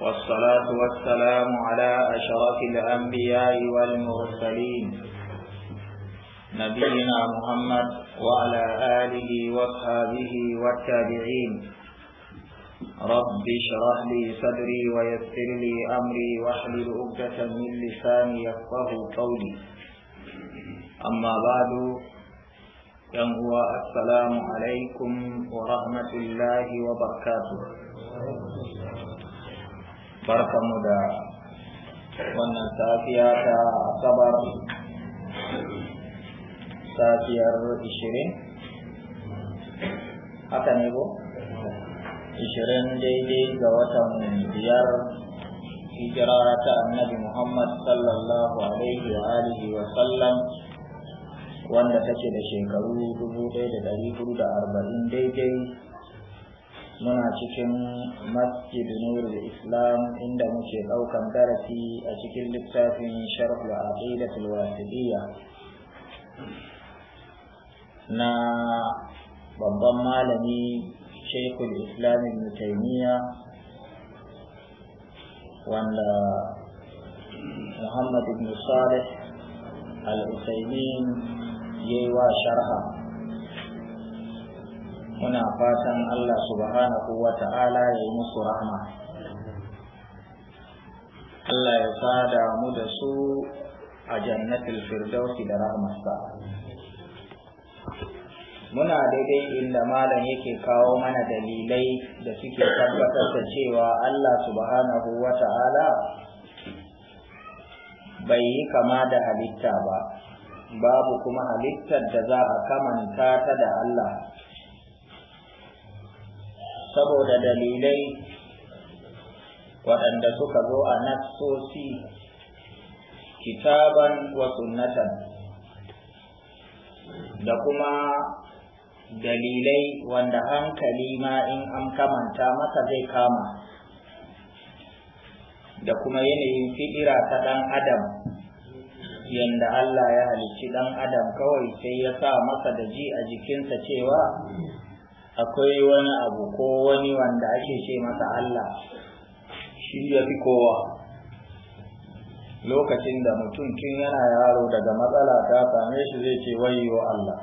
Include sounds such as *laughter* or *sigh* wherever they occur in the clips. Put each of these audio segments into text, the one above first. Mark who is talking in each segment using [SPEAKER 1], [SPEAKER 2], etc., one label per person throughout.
[SPEAKER 1] والصلاة والسلام على أشرف الأنبياء والمرسلين نبينا محمد وعلى آله وصحبه والتابعين رب اشرح لي صدري ويسر لي أمري واحلل عقدة من لساني يفقه قولي أما بعد كم هو السلام عليكم ورحمة الله وبركاته
[SPEAKER 2] barkamu da wannan safiya ta
[SPEAKER 1] asabar safiyar 20 haka ne ko 20 daidai ga watan biyar hijira ta annabi muhammad sallallahu alaihi wa alihi wa sallam wanda take da shekaru 1440 daidai muna cikin masjid nurul islam inda muke daukan darasi a cikin littafin sharh al-aqidah al wasidiyya na babban malami al islam ibn taymiya wanda muhammad ibn salih al-usaymin yayi wa sharha muna fatan Allah subhanahu wa ta'ala ya yi musu rahma Allah ya sada mu da su a jannatul firdausi da rahmarsa muna daidai inda malam yake kawo mana dalilai da suke tabbatar da cewa Allah subhanahu wa ta'ala bai yi kama da halitta ba babu kuma halittar da za a kamanta ta da Allah saboda dalilai waɗanda suka zo a nassosi kitaban wa sunnatan da kuma dalilai wanda hankali ma in an kamanta masa zai kama da kuma yanayin fiɗira ta ɗan adam yanda Allah ya halicci ɗan adam kawai sai ya sa masa da ji a jikinsa cewa akwai wani abu ko wani wanda ake ce masa Allah shi ya fi kowa lokacin da mutum tun yana yaro daga matsala ta same shi zai ce wayo Allah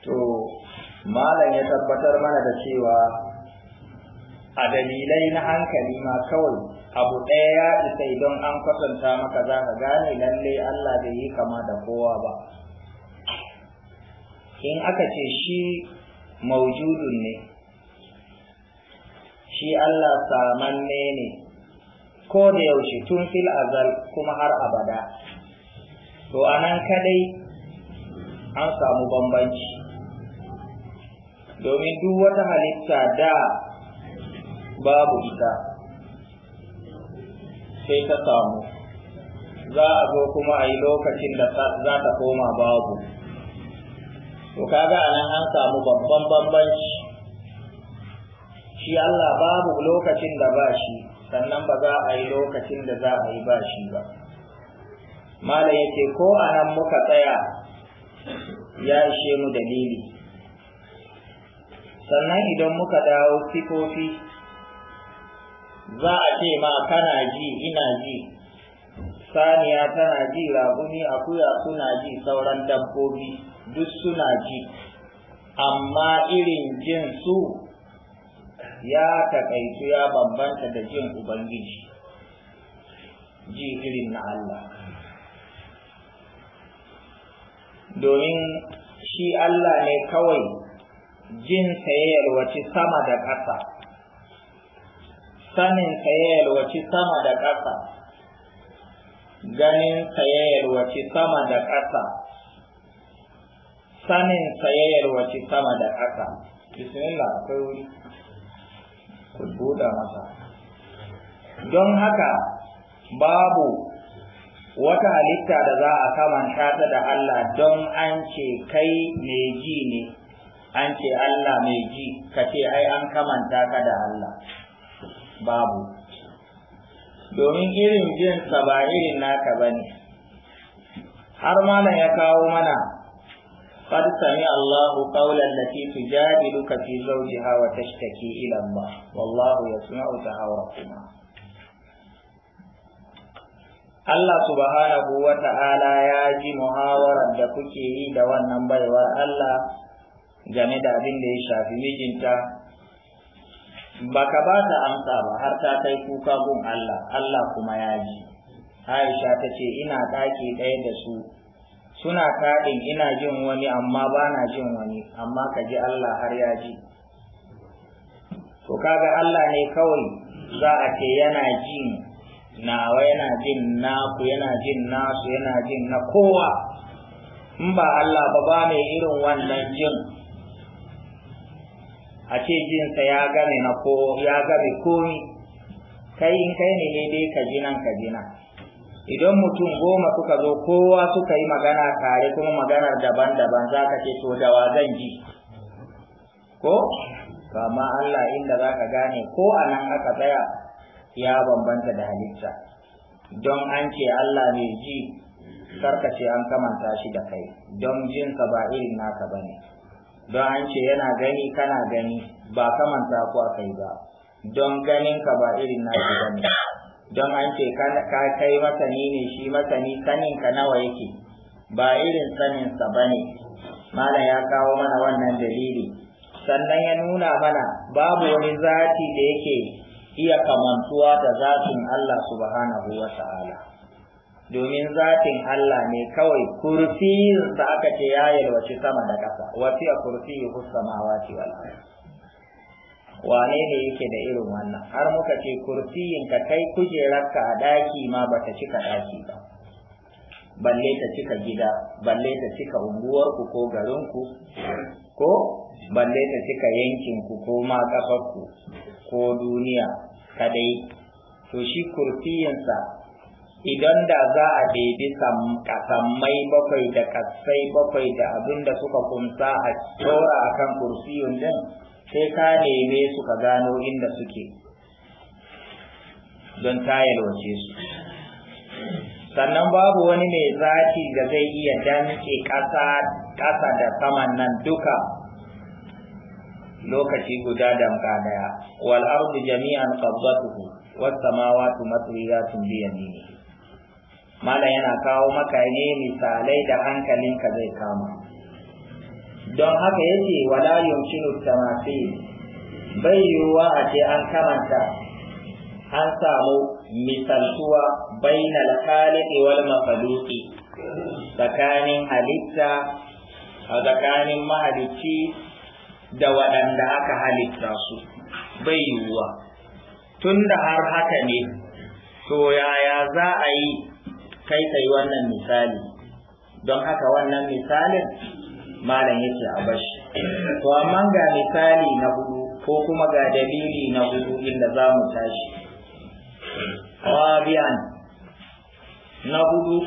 [SPEAKER 1] to malam ya tabbatar mana da cewa a dalilai na hankali ma kawai abu ɗaya ya isa idan an kwatanta maka za ka gane lallai Allah bai yi kama da kowa ba in aka ce shi maujudun ne shi Allah samanne ne ko da yaushe tun fil azal kuma har abada to anan kadai an samu bambanci domin duk wata halitta da babu ita sai ta samu za a zo kuma a yi lokacin da za ta koma babu to kaga anan an samu babban bambanci shi Allah babu lokacin da ba shi sannan ba za a yi lokacin da za a yi ba shi ba malam yake ko anan muka tsaya ya ishe mu dalili sannan idan muka dawo sifofi za a ce ma kana ji ina ji saniya tana ji raƙumi akuya suna ji sauran dabbobi duk suna ji amma irin jin su ya taƙaitu ya bambanta da jin ubangiji ji irin na Allah domin shi Allah ne kawai jin yalwaci sama da ƙasa sanin ya yalwaci sama da ƙasa ganin ya yalwaci sama da ƙasa sanin sayayyar wace sama da ƙasa bismillah akwai wuri ku buɗa masa don haka babu wata halitta da za a kamanta ta da Allah don an ce kai mai ji ne an ce Allah mai ji ka ce ai an kamanta ka da Allah babu domin irin jinsa ba irin naka ba ne har malam ya kawo mana قد سمع الله قول التي تجادلك في زوجها وتشتكي إلى الله والله يسمع تهاوركما Allah subhanahu wa ta'ala ya ji muhawarar da kuke yi da wannan baiwar Allah game da abin da ya shafi mijinta baka ba ta amsa ba har ta kai kuka gun Allah Allah kuma ya ji Aisha ta ce ina ɗaki ɗaya da su suna taɗin ina jin wani amma ba na jin wani amma ka ji Allah har ya ji to kaga Allah ne kawai za a ce yana jin nawa yana jin naku yana jin nasu yana jin na kowa in ba Allah ba ba mai irin wannan jin a ce jinsa ya game na ko ya komi kai in kai ne dai ka ji nan ka ji nan idan mutum goma suka zo kowa suka yi magana tare kuma maganar daban-daban za ka ce to dawa zan ji ko amma Allah inda za ka gane ko a nan aka tsaya ya bambanta da halitta don an ce Allah mai ji karkace an kamanta shi da kai don ka ba irin naka ba ne don an ce yana gani kana gani ba kamanta ku a kai ba don ganinka ba irin naka ba ne don an ce ka kai masani ne shi masani sanin ka nawa yake ba irin sanin sa bane malam ya kawo mana wannan dalili sannan ya nuna mana babu wani zati da yake iya kamantuwa da zatin Allah subhanahu wa ta'ala domin zatin Allah ne kawai kursiyin sa aka ce ya yalwaci sama da ƙasa ya kursiyuhu samawati wal ardh wane ne yake da irin wannan har muka ce kursiyin ka kai kujerarka a daki ma ba ta cika daki ba balle ta cika gida balle ta cika unguwarku ko garinku ko balle ta cika yankinku ko ma kafarku ko duniya kadai to shi kursiyinsa idan da za a ɗebi kasammai bakwai da kasai bakwai da abin da suka kumsa a tsora akan kan kursiyin din sai ka neme su ka gano inda suke don tayar wace su sannan babu wani mai zafi da zai iya damke ƙasa da saman nan duka lokaci guda da daya wal ardu jami'an qabdatuhu was samawati matriyatun bi yaminihi mala yana kawo maka ne misalai da hankalinka zai kama don haka yake wala yumkinu tamasi bai yiwuwa a ce an karanta, an samu misaltuwa bainal khaliqi wal makhluqi tsakanin halitta a tsakanin mahalicci da waɗanda aka halitta su bai yiwuwa tun da har haka ne to yaya za a yi kai kai wannan misali don haka wannan misalin malam yake a shi to amma ga misali na hudu ko kuma ga dalili na hudu inda za mu tashi rabi'an na hudu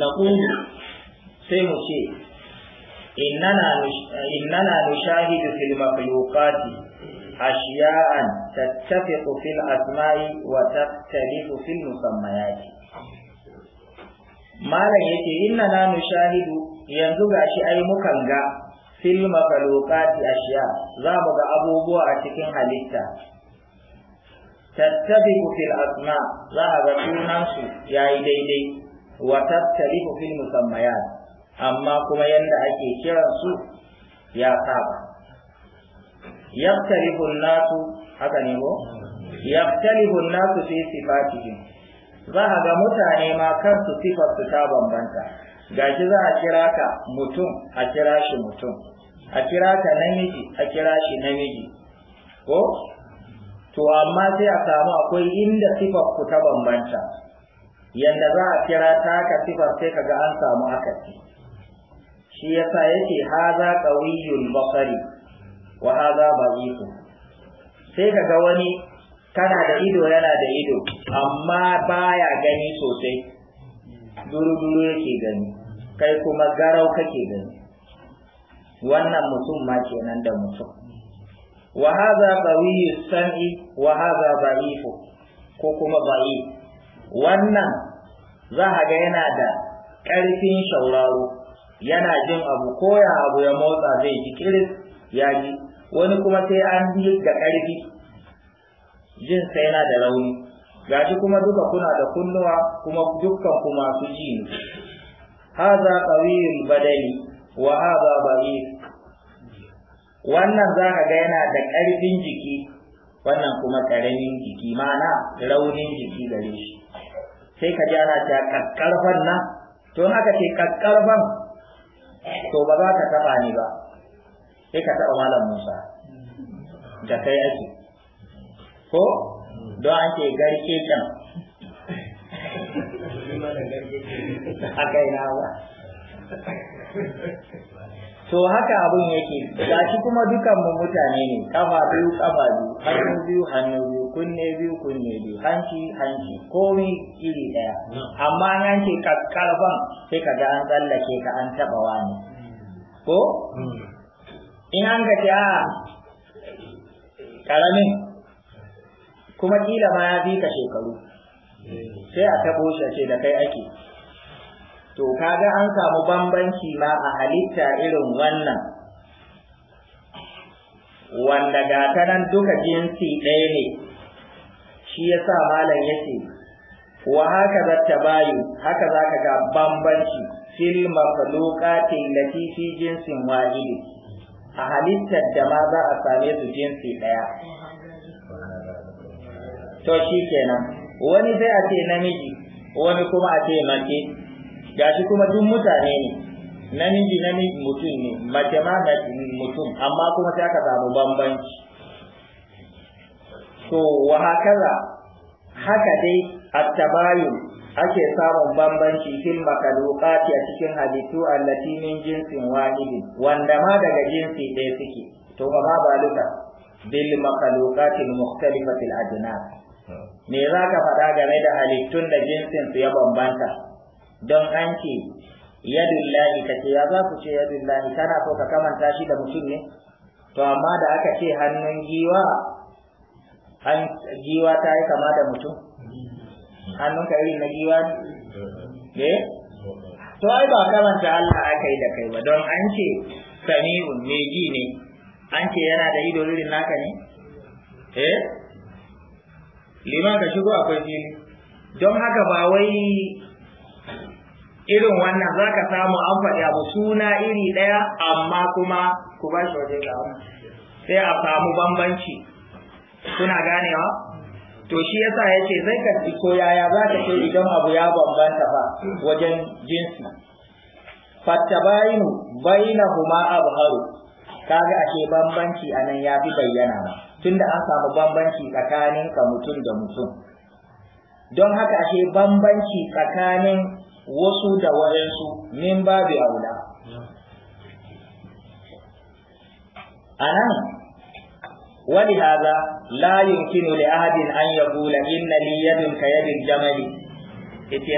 [SPEAKER 1] na hudu sai mu ce innana nushahidu fil makhluqati ashiya'an tattafiqu fil asma'i wa tattalifu fil musammayati malam yake inna na nushahidu yanzu gashi ai mukan ga fil makhluqati ashiya za mu ga abubuwa a cikin halitta tattabiqu fil asma za a ga sunan su yayi daidai wa tattabiqu fil musammayat amma kuma yanda ake kiran su ya saba yaktarihu nasu haka ne ko yaktarihu nasu fi sifatihim za a ga mutane ma kansu sifar su ta bambanta gashi za a kira ka mutum a kira shi mutum a kira ka namiji a kira shi namiji ko to amma sai a samu akwai inda sifar ku ta bambanta yanda za a kira taka sifar sai ga an samu akasi shi yasa yake haza qawiyul basari wa haza ba'ifu sai ka ga wani kana da ido yana da ido amma baya gani sosai duru-duru yake gani kai kuma garau kake gani wannan mutum ma kenan da mutum wa hadha qawiyyu sam'i wa hadha da'ifu ko kuma ba'i wannan za ga yana da ƙarfin shauraro yana jin abu ko ya abu ya motsa zai ji kiris ya ji wani kuma sai an yi da ƙarfi jin sa yana da rauni gashi kuma duka kuna da kunnuwa kuma dukkan ku masu ji ne hadha qawiyul badani wa hadha ba'if wannan zaka ga yana da karfin jiki wannan kuma ƙaramin jiki mana raunin jiki gare shi sai ka ji ana ta kakkarfan nan to in aka ce kakkarfan to ba za ka taba ni ba sai ka taba malam Musa da kai ake ko don an ce garke can
[SPEAKER 2] a kaina ba
[SPEAKER 1] to haka abin yake shi kuma dukanmu mutane ne kafa biyu kafa biyu hannu biyu hannu biyu kunne biyu kunne biyu hanci hanci komi iri daya amma an ce karfan sai ka ga an tsallake ka an taba wani ko hmm. in an ga ce a ah, karamin kuma kila ma ya bi ka shekaru sai a tabo shi ce da kai ake to kaga an samu bambanci ma a halitta irin wannan wanda ga duka jinsi ɗaya ne shi ya sa malam ya ce wa haka za ta bayu haka za ka ga bambanci fil makhluqati lati fi jinsin wahidi a halittar da ma za a same su jinsi ɗaya to shi kenan wani sai a ce namiji wani kuma a ce mace gashi kuma duk mutane ne namiji namiji mutum ne mace ma mutum amma kuma sai aka samu bambanci to wa hakaza haka dai at-tabayun ake samun bambanci fil makalukati a cikin halittu allati min jinsin wahidin wanda ma daga jinsi ɗaya suke to ba ba luka bil makalukati mukhtalifatil ajnas me za ka faɗa game da halittun da su ya bambanta don an ce yadullahi ka ce ya za ku ce yadullahi kana so ka kamanta shi da mutum ne to amma da aka ce hannun giwa an giwa ta yi kama da mutum hannun ka na giwa ne eh? to ai ba kamanta Allah aka yi da kai ba don an ce sami'un mai ji ne an ce yana da ido naka ne eh liman ka shigo akwai fili don haka ba wai irin wannan za ka samu an faɗi abu suna iri ɗaya amma kuma ku ba shi waje ga sai a samu bambanci kuna ganewa to shi yasa ya ce zai ka ko yaya za ka ce idan abu ya bambanta ba wajen jinsi fattabainu bainahuma abharu kaga ashe bambanci a nan ya fi bayyana ba tunda an samu bambanci tsakanin ka mutum da mutum don haka ashe bambanci tsakanin wasu da wayansu min babu aula a nan wani haza la yumkinu li ahadin an yaqula inna li yadin ka yadin jamali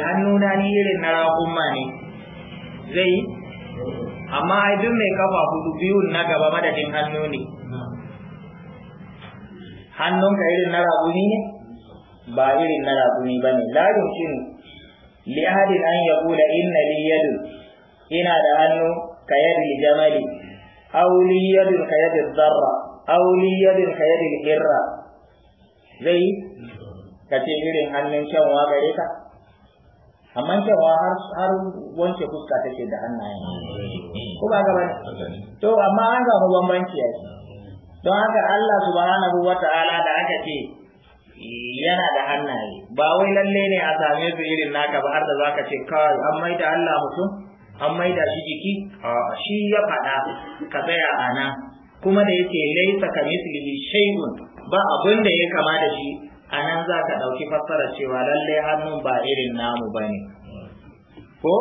[SPEAKER 1] hannuna ni irin na raƙumma ne zai amma ai duk mai kafa hudu biyun na gaba madadin hannu ne hannunka irin na raƙumi ne ba irin na raƙumi ba ne la shi ne. ahadin an yaqula inna li yadun ina da hannu ka yadi jamali auliyadin ka yadda zarra, auliyadin li yadun ka irra. zai ka ce irin hannun kyanwa gare ka amma kyanwa har har wanke fuska ce da hannayen ko ba gaba to amma an samu bambanci yake don haka Allah subhanahu wa ta'ala da aka ce yana da hannaye ba wai lalle ne a same su irin naka ba har da zaka ce kawai an maida Allah mutum an maida shi jiki shi ya faɗa ka tsaya a nan kuma da yake laisa ka mislihi shay'un ba abin da ya kama da shi a nan za ka ɗauki fassarar cewa lalle hannun ba irin namu ba ne ko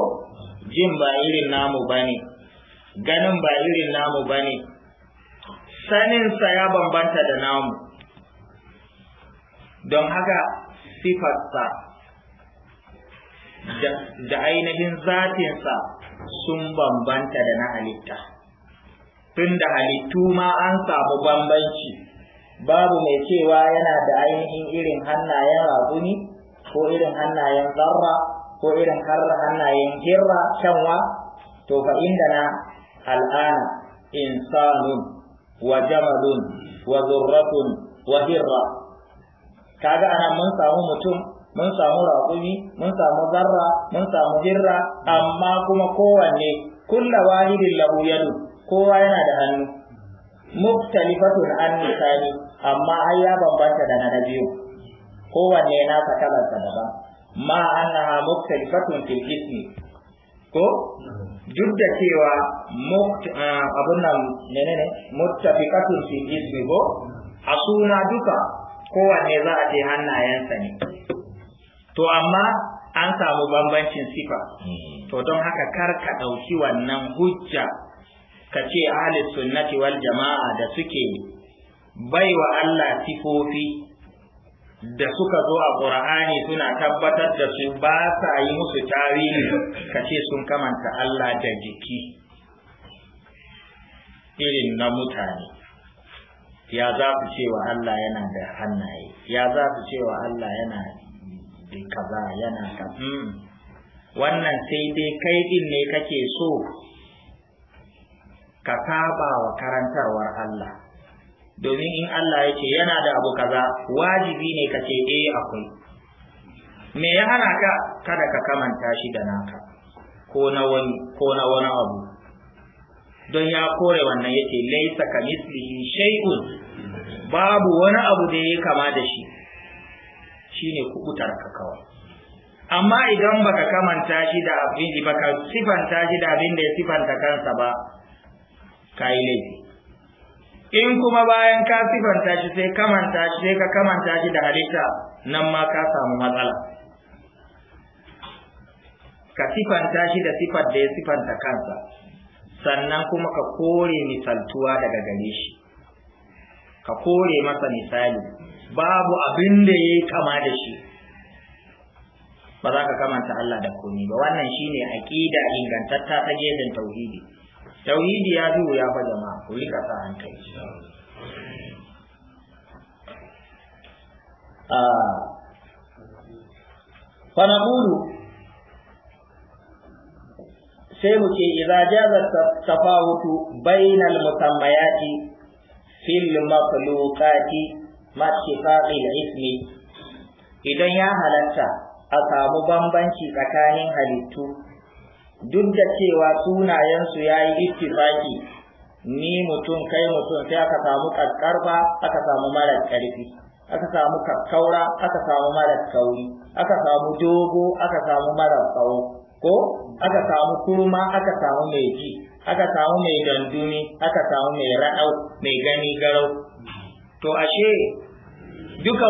[SPEAKER 1] jin ba irin namu ba ne ganin ba irin namu ba ne saninsa ya bambanta da namu don haka sifarsa da ainihin zatinsa sun bambanta da na halitta tun da halittu ma an samu bambanci babu mai cewa yana da ainihin irin hannayen razuni ko irin hannayen zarra ko irin hannayen girra shanwa to fa inda na al'ana insanun wa jamalun wa zurratun wa hirra kaga ana mun samu mutum mun samu raƙumi mun samu zarra mun samu hirra amma kuma kowanne kulla wahidin lahu yadu kowa yana da hannu muktalifatun an misali amma ai ya bambanta da na biyu kowanne nasa kalarsa daban ma annaha muktalifatun fil ismi ko duk da cewa ah, abunan nan menene muttafiqatun fi ko a suna duka kowanne za a ce hannayensa ne to amma an samu bambancin sifa hmm. to don haka kar ka ɗauki wannan hujja ka ce ahli sunnati wal jama'a da suke baiwa Allah sifofi da suka zo a Qur'ani suna tabbatar da su ba sa yi musu tawili kace sun kamanta Allah da jiki irin na mutane ya za su cewa Allah yana da hannaye ya za su cewa Allah yana da kaza yana ka hmm. wannan sai dai kai din ne kake so ka saba wa karantarwar Allah domin in Allah ya ce yana da abu kaza wajibi ne ka ce eh akwai
[SPEAKER 2] me ya hana ka
[SPEAKER 1] kada ka kamanta shi da naka ko na wani ko na wani abu don ya kore wannan yake laisa ka mislihi shay'un babu wani abu da ya kama da shi shine kubutar ka kawai amma idan baka kamanta shi da abin baka sifanta shi da abin da ya sifanta kansa ba kai laifi in kuma bayan ka sifanta shi sai kamanta shi sai ka kamanta shi da halitta nan ma ka samu matsala ka sifanta shi da sifar da ya sifanta kansa sannan kuma ka kore misaltuwa daga gare shi ka kore masa misali babu abin da ya yi kama da shi ba za ka kamanta Allah da komi ba wannan shine aqida ingantatta ta gefen tauhidi tauhidi ya fi wuya fa jama'a ku rika sa hankali ah, fa naqulu sai mu ce idza jaza tafawutu bainal musammayati fil maqluqati ma shifa'i ismi idan ya halatta a samu bambanci tsakanin halittu duk da cewa sunayensu ya yi ittifaki ni mutum kai mutum sai aka samu kakkarfa aka samu mara karfi aka samu kakkaura aka samu mara kauri aka samu dogo aka samu mara tsawo ko aka samu kurma aka samu mai ji aka samu mai dandumi, aka samu mai raɗau mai gani garau to ashe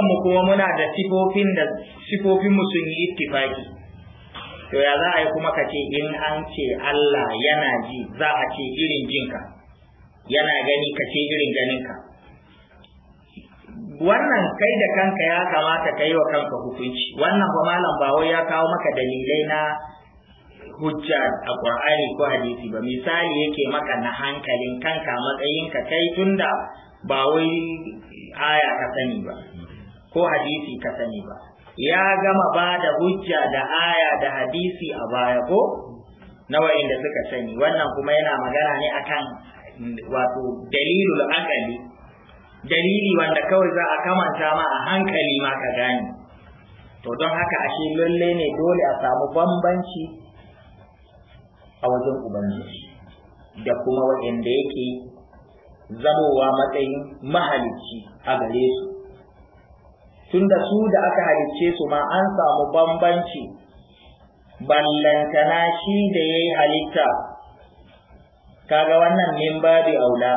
[SPEAKER 1] mu kuma muna da sifofin da sifofinmu sun yi ittifaki to ya za a yi kuma ka ce in an ce Allah yana ji za a ce irin jinka yana gani ka ce irin ganinka wannan kai da kanka ya kamata ka yi wa kanka hukunci wannan ba malam ba ya kawo maka dalilai na hujja a ƙur'ani ko hadisi ba misali yake maka na hankalin kanka matsayinka kai tunda ba wai aya ka sani ba ko hadisi ka sani ba ya gama ba da hujja da aya da hadisi a baya ko na wa'inda suka sani wannan kuma yana magana ne akan wato dalilul akali dalili wanda kawai za a kamanta ma a hankali ma ka gane to don haka ashe lalle ne dole a samu bambanci a wajen ubangiji da kuma wa'inda yake zamowa matsayin mahalicci a gare su tunda su da aka halicce su ma an samu bambanci ballantana shi da ya yi halitta kaga wannan min babi aula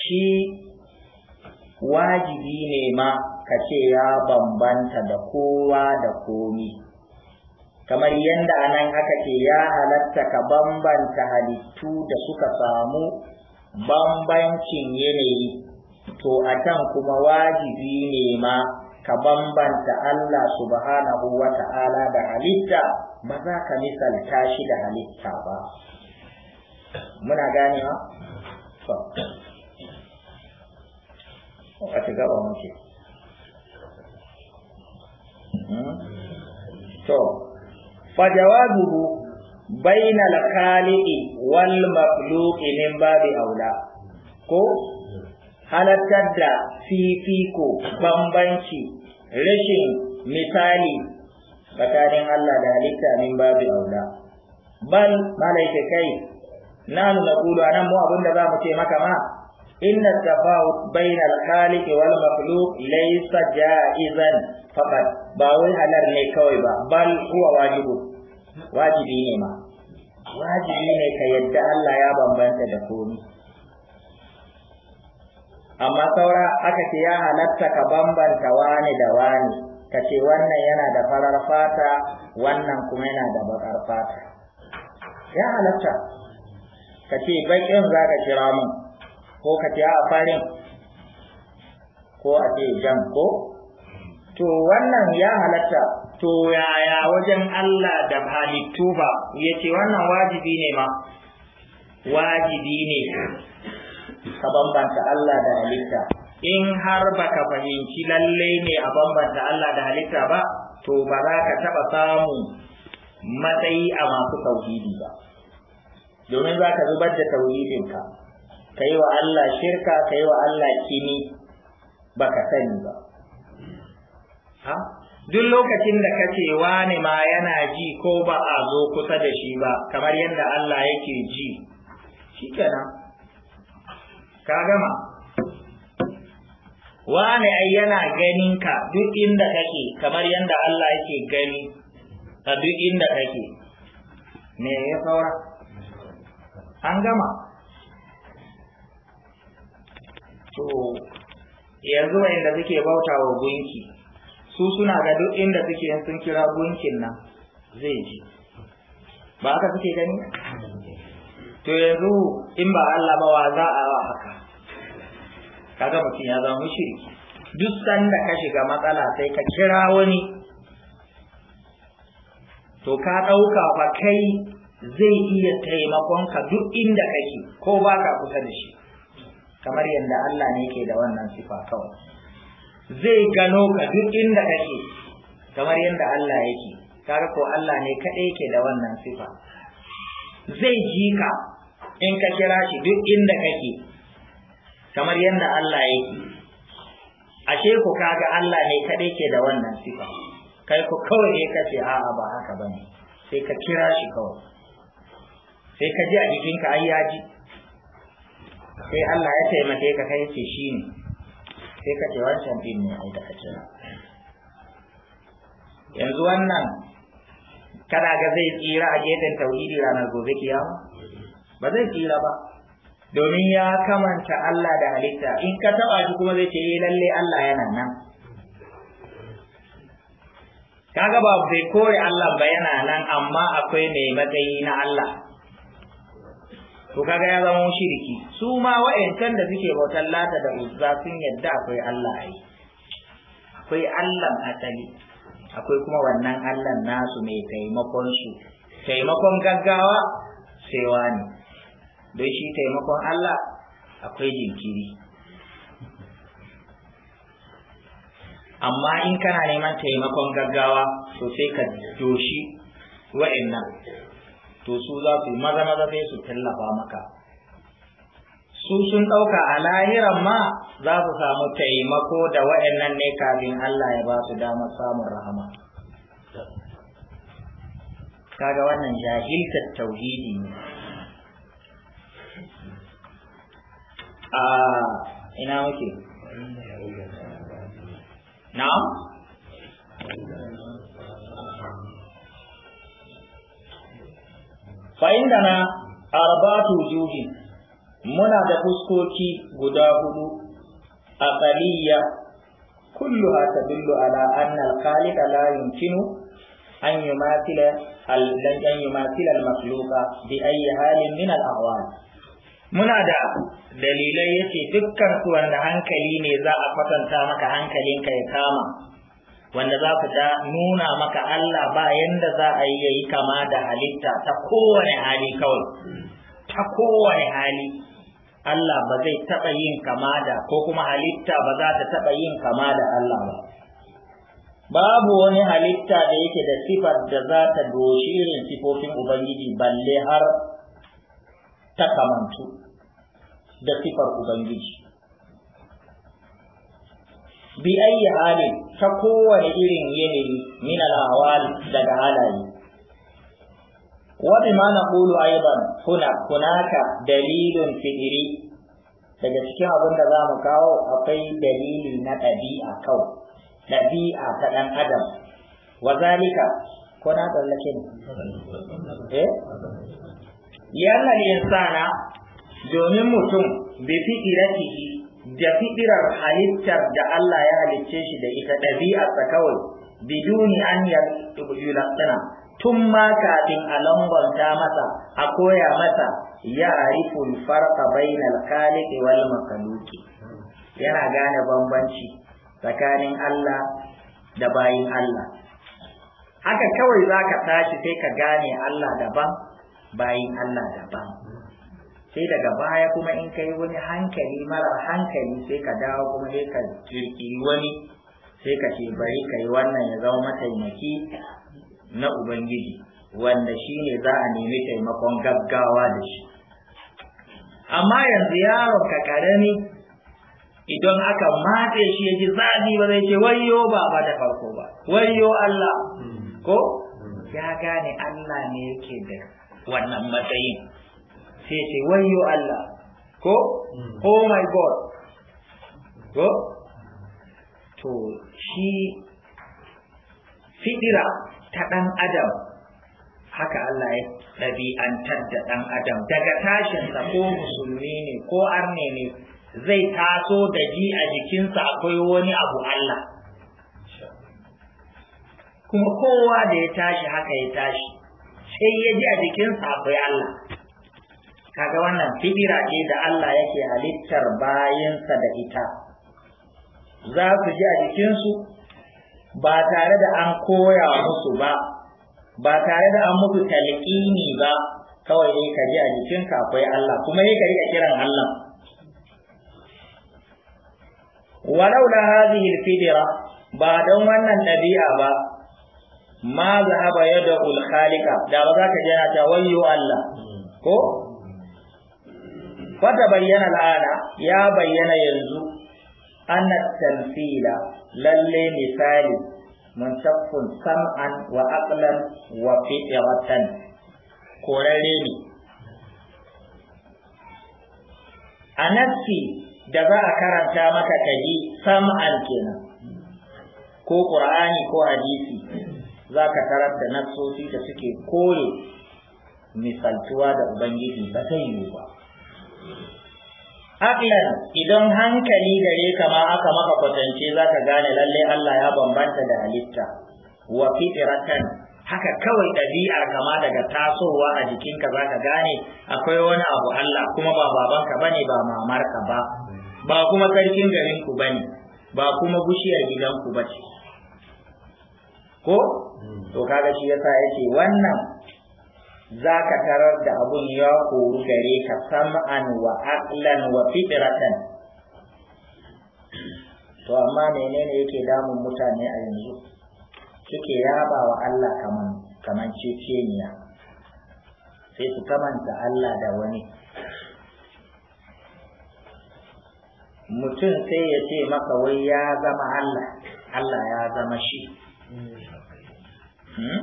[SPEAKER 1] shi wajibi ne ma ka ya bambanta da kowa da komi kamar yadda anan aka ce ya halatta ka bambanta halittu da suka samu bambancin yanayi to a kan kuma wajibi ne ma ka bambanta Allah subhanahu wa ta'ala da halitta ba za ka misalta shi da halitta ba muna gani ha So, a ci gaba muke
[SPEAKER 2] hmm? to
[SPEAKER 1] fa jawabuhu bainal khaliqi wal makhluqi min babi aula ko halattar da fifiko bambanci rashin misali tsakanin Allah da halitta min babu aula bal malaika kai na nuna a nan mu abin da za mu ce maka ma inna tafawut bayna al-khaliq wal makhluq laysa ja'izan faqat ba wai halar ne kawai ba bal huwa wajibu wajibi ne ma wajibi ne ka yadda Allah ya bambanta da komai amma saura aka ce ya halatta ka bambanta wani da wani ka ce wannan yana da farar fata wannan kuma yana da bakar fata ya halatta ka ce bakin za ka kira mun ko ka ce a farin ko a ce jan ko to wannan ya halatta to yaya wajen Allah da halittu ba ya ce wannan wajibi ne ma wajibi ne ka bambanta Allah da halitta in har baka fahimci lalle ne a bambanta Allah da halitta ba to ba za ka taɓa samu matsayi a masu tauhidi ba domin za ka zubar da tauhidinka ka yi wa Allah shirka ka yi wa Allah kini ba ka sani ba ha duk lokacin da ka ce wani ma yana ji ko ba a zo kusa da shi ba kamar yadda Allah yake ji shikenan ka gama wane ai yana ganin ka duk inda kake kamar yadda Allah yake gani a duk inda kake me ya saura an gama to yanzu mai inda suke bauta wa gunki su suna ga duk inda suke sun kira gunkin nan zai ji ba haka suke gani to yanzu in ba Allah ba wa za a haka kaga mutum ya zama mushriki duk sanda ka shiga matsala sai ka kira wani to ka ɗauka fa kai zai iya taimakon ka duk inda kake ko ba ka kusa da shi kamar yadda Allah ne ke da wannan sifa kawai zai gano ka duk inda kake kamar yadda Allah yake kaga ko Allah ne kadai ke da wannan sifa zai ji ka in ka kira shi duk inda kake kamar yadda Allah yake ashe ku kaga Allah ne kadai ke da wannan sifa kai ku kawai ne kace a'a ba haka bane sai ka kira shi kawai sai ka ji a jikinka ai ya ji sai Allah ya taimake ka kai ce shi ne sai ka ce wancan din ne ai da kace yanzu wannan kada ga zai tsira a gefen tauhidi ranar gobe kiyama ba zai tsira ba domin ya kamanta Allah da halitta in ka taba shi kuma zai ce eh, lalle Allah yana nan kaga ba bai kore Allah ba yana nan amma akwai mai matsayi na Allah to kaga ya zama shiriki su ma wa'ancan da suke bautar lata da uzza sun yadda akwai Allah ai akwai Allah asali akwai kuma wannan Allah nasu mai taimakon su taimakon gaggawa sai wani don shi taimakon Allah akwai jinkiri amma in kana neman taimakon gaggawa to sai ka doshi wa'annan to su za su maza maza sai su tallafa maka su sun ɗauka a lahiran ma za su samu taimako da wa'annan ne kafin Allah ya ba su damar samun rahama kaga wannan jahiltar tauhidi ne a ina muke na'am fa'indana arbatu juji muna da fuskoki guda hudu a kullu kulluha tadullu ala anna al-khaliq la yumkinu an yumathila al al bi ayyi halin min al-ahwal muna da dalilai yake dukkan su wanda hankali ne za a kwatanta maka hankalinka ya kama wanda za ku da nuna maka Allah ba yanda za a yi yayi kama da halitta ta kowane hali kawai ta kowane hali Allah ba zai taɓa yin kama da ko kuma halitta ba za ta taɓa yin kama da Allah ba babu wani halitta da yake da sifar da za ta doshi irin sifofin Ubangiji balle har ta kamantu da sifar ubangiji bi ayi halin ta kowane irin yanayi min al daga halaye wa bima naqulu aidan huna kunaka dalilun fidiri daga cikin abin da zamu kawo akwai dalili na ɗabi'a kawai ɗabi'a ta ɗan adam wa zalika ko na
[SPEAKER 2] tsallake ne eh
[SPEAKER 1] yana sana domin mutum bi fi'iratihi da fi'irar halittar da Allah ya halicce shi da ita ɗabi'arsa kawai biduni an yulaqqana tun ma kafin a lambanta masa a koya masa ya ariful farqa bainal khaliqi wal makaluki yana gane bambanci tsakanin Allah da bayin Allah
[SPEAKER 2] haka kawai za zaka
[SPEAKER 1] tashi sai ka gane Allah daban bayan Allah daban sai daga baya kuma in kai wani hankali mara hankali sai ka dawo kuma sai ka kirkiri wani sai ka ce bari ka yi wannan ya zama mataimaki na ubangiji wanda shi ne za a nemi taimakon gaggawa da shi amma yanzu yaron ka karami idan aka matse shi ya ji zafi ba zai ce wayo baba da farko ba wayo Allah hmm. ko hmm. ya gane Allah ne yake da wannan matsayin sai ce wayyo Allah ko hmm. oh my god ko to shi fidira ta dan adam haka Allah ya ɗabi'antar da ɗan adam daga tashinsa ko musulmi ne ko arne ne zai taso da ji a jikinsa akwai wani abu Allah kuma kowa da ya tashi haka ya tashi sai ya ji a jikinsa akwai Allah kaga wannan fidira ce da Allah yake halittar sa da ita za su ji a jikinsu ba tare da an koya musu ba ba tare da an musu talqini ba kawai dai ka ji a jikinka akwai Allah kuma yi ka riƙa kiran Allah walaula hadhihi fidira ba don wannan ɗabi'a ba ma zahaba al ulkhalika da ba za ka ji ta wayyo Allah ko fata bayyana al'ada ya bayyana yanzu ana tamthila lalle misali mun tafkun sam'an wa aqlan wa fi'ratan korare ne a da za a karanta maka kaji sam'an kenan ko qur'ani ko hadisi za ka karanta nassosi da suke kore misaltuwa da ubangiji ba ta yiwu ba aklan idan hankali gare ka ma aka maka kwatance za ka gane lalle Allah ya bambanta da halitta wa fitratan haka kawai ɗabi'ar kama daga tasowa a jikinka za ka gane akwai wani abu Allah kuma ba babanka bane ba mamarka ba ba kuma sarkin ku bane ba kuma bushiyar gidanku ba ce ko hmm. to kaga shi yasa yace wannan za ka tarar da abun ya koru gare ka sam'an wa aqlan wa fitratan to amma menene yake damun mutane a yanzu suke yaba wa Allah kaman kaman ceceniya sai su kamanta Allah da wani mutum sai ya ce maka wai ya zama Allah Allah ya zama shi hmm?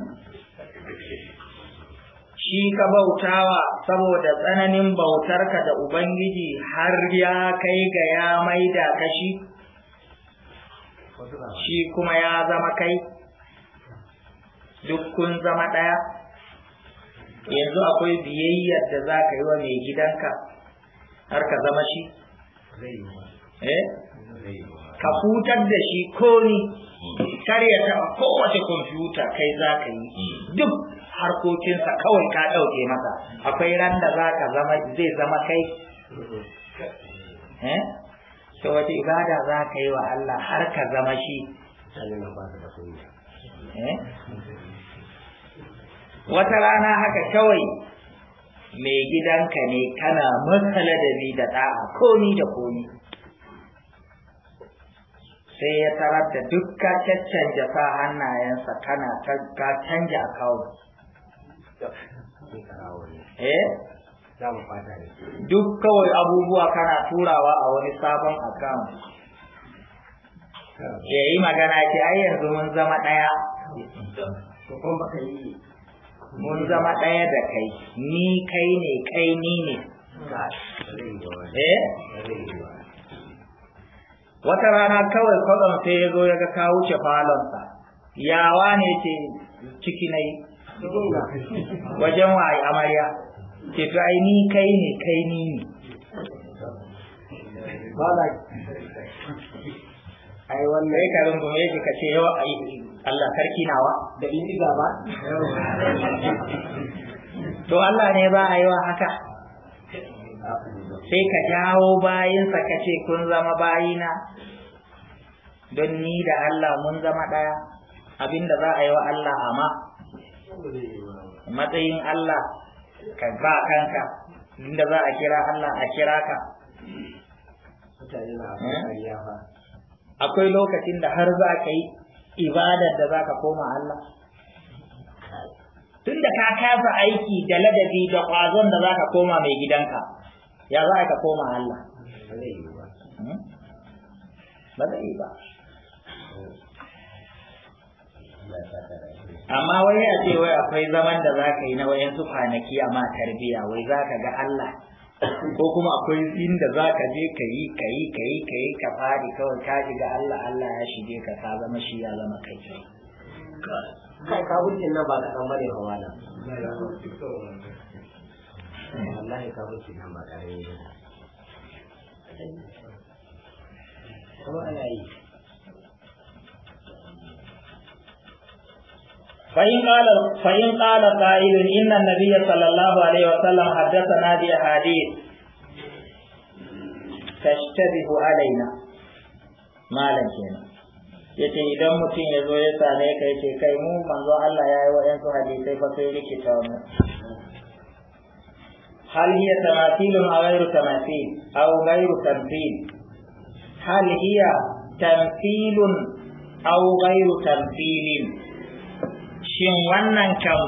[SPEAKER 1] shi ka bautawa saboda tsananin bautarka da Ubangiji har ya kai ga ya maida ka shi, shi kuma ya zama kai, duk kun zama ɗaya, yanzu akwai biyayyar da za ka yi wa mai gidanka har ka zama shi? Eh? Ka futar da shi ko ni, kar ya taɓa kowace kwamfuta kai za ka yi, mm. duk harkokinsa kawai ka ɗauke masa akwai ran da za ka zama zai zama kai ta eh? to ibada za ka yi wa Allah har ka zama shi eh? wata rana haka kawai mai gidanka ne kana matsala da ni da ɗa'a komi da komi sai ya tarar da duk ka caccanja sa hannayensa kana ka canja akawun
[SPEAKER 2] Eh? duk
[SPEAKER 1] kawai abubuwa kana turawa a wani sabon akamu. ya yi magana ke ai yanzu mun zama ɗaya mun zama ɗaya da kai ni kai ne kai ni ne eh? wata rana kawai kwallon sai ya zo ya ga ka wuce falonsa yawa ne ce ciki na
[SPEAKER 2] wajen wa
[SPEAKER 1] amarya ce to ai ni kai ne kai ni ne ai wannan kai karin gume shi ka ce yawa ai Allah sarki nawa da in diga ba to Allah ne ba a wa haka sai ka jawo bayinsa ka ce kun zama bayina don ni da Allah mun zama ɗaya abinda za a yi wa Allah amma. matsayin Allah ka ba kanka inda za a kira Allah a kira ka
[SPEAKER 2] eh?
[SPEAKER 1] akwai lokacin da har za ka yi ibadar da za ka koma Allah tun da ka kasa aiki da ladabi da ƙwazon da za ka koma mai gidanka ya za ka koma Allah ba zai yi ba
[SPEAKER 2] hmm? amma wai ya ce wai
[SPEAKER 1] akwai zaman da za ka yi na wayan su kwanaki a ma tarbiya wai za ka ga Allah ko kuma akwai da za ka je ka yi ka yi ka yi ka yi ka fadi kawai ka ji ga Allah Allah ya shige ka ka zama shi ya zama kai kai ka hujjin nan ba ka dan bane
[SPEAKER 2] hawa nan wallahi ka hujjin nan ba ka rage ko ana yi
[SPEAKER 1] فإن قال فإن قال قائل إن النبي صلى الله عليه وسلم حدثنا بأحاديث تشتبه علينا malam kenan yace idan mutum ya zo ya same ka yace kai mu manzo Allah ya yi waɗansu hadisai fa sai rikita mu hal hiya tamathilun aw ghayru tamathil aw ghayru tamthil hal hiya tamthilun aw ghayru tamthilin shin wannan kan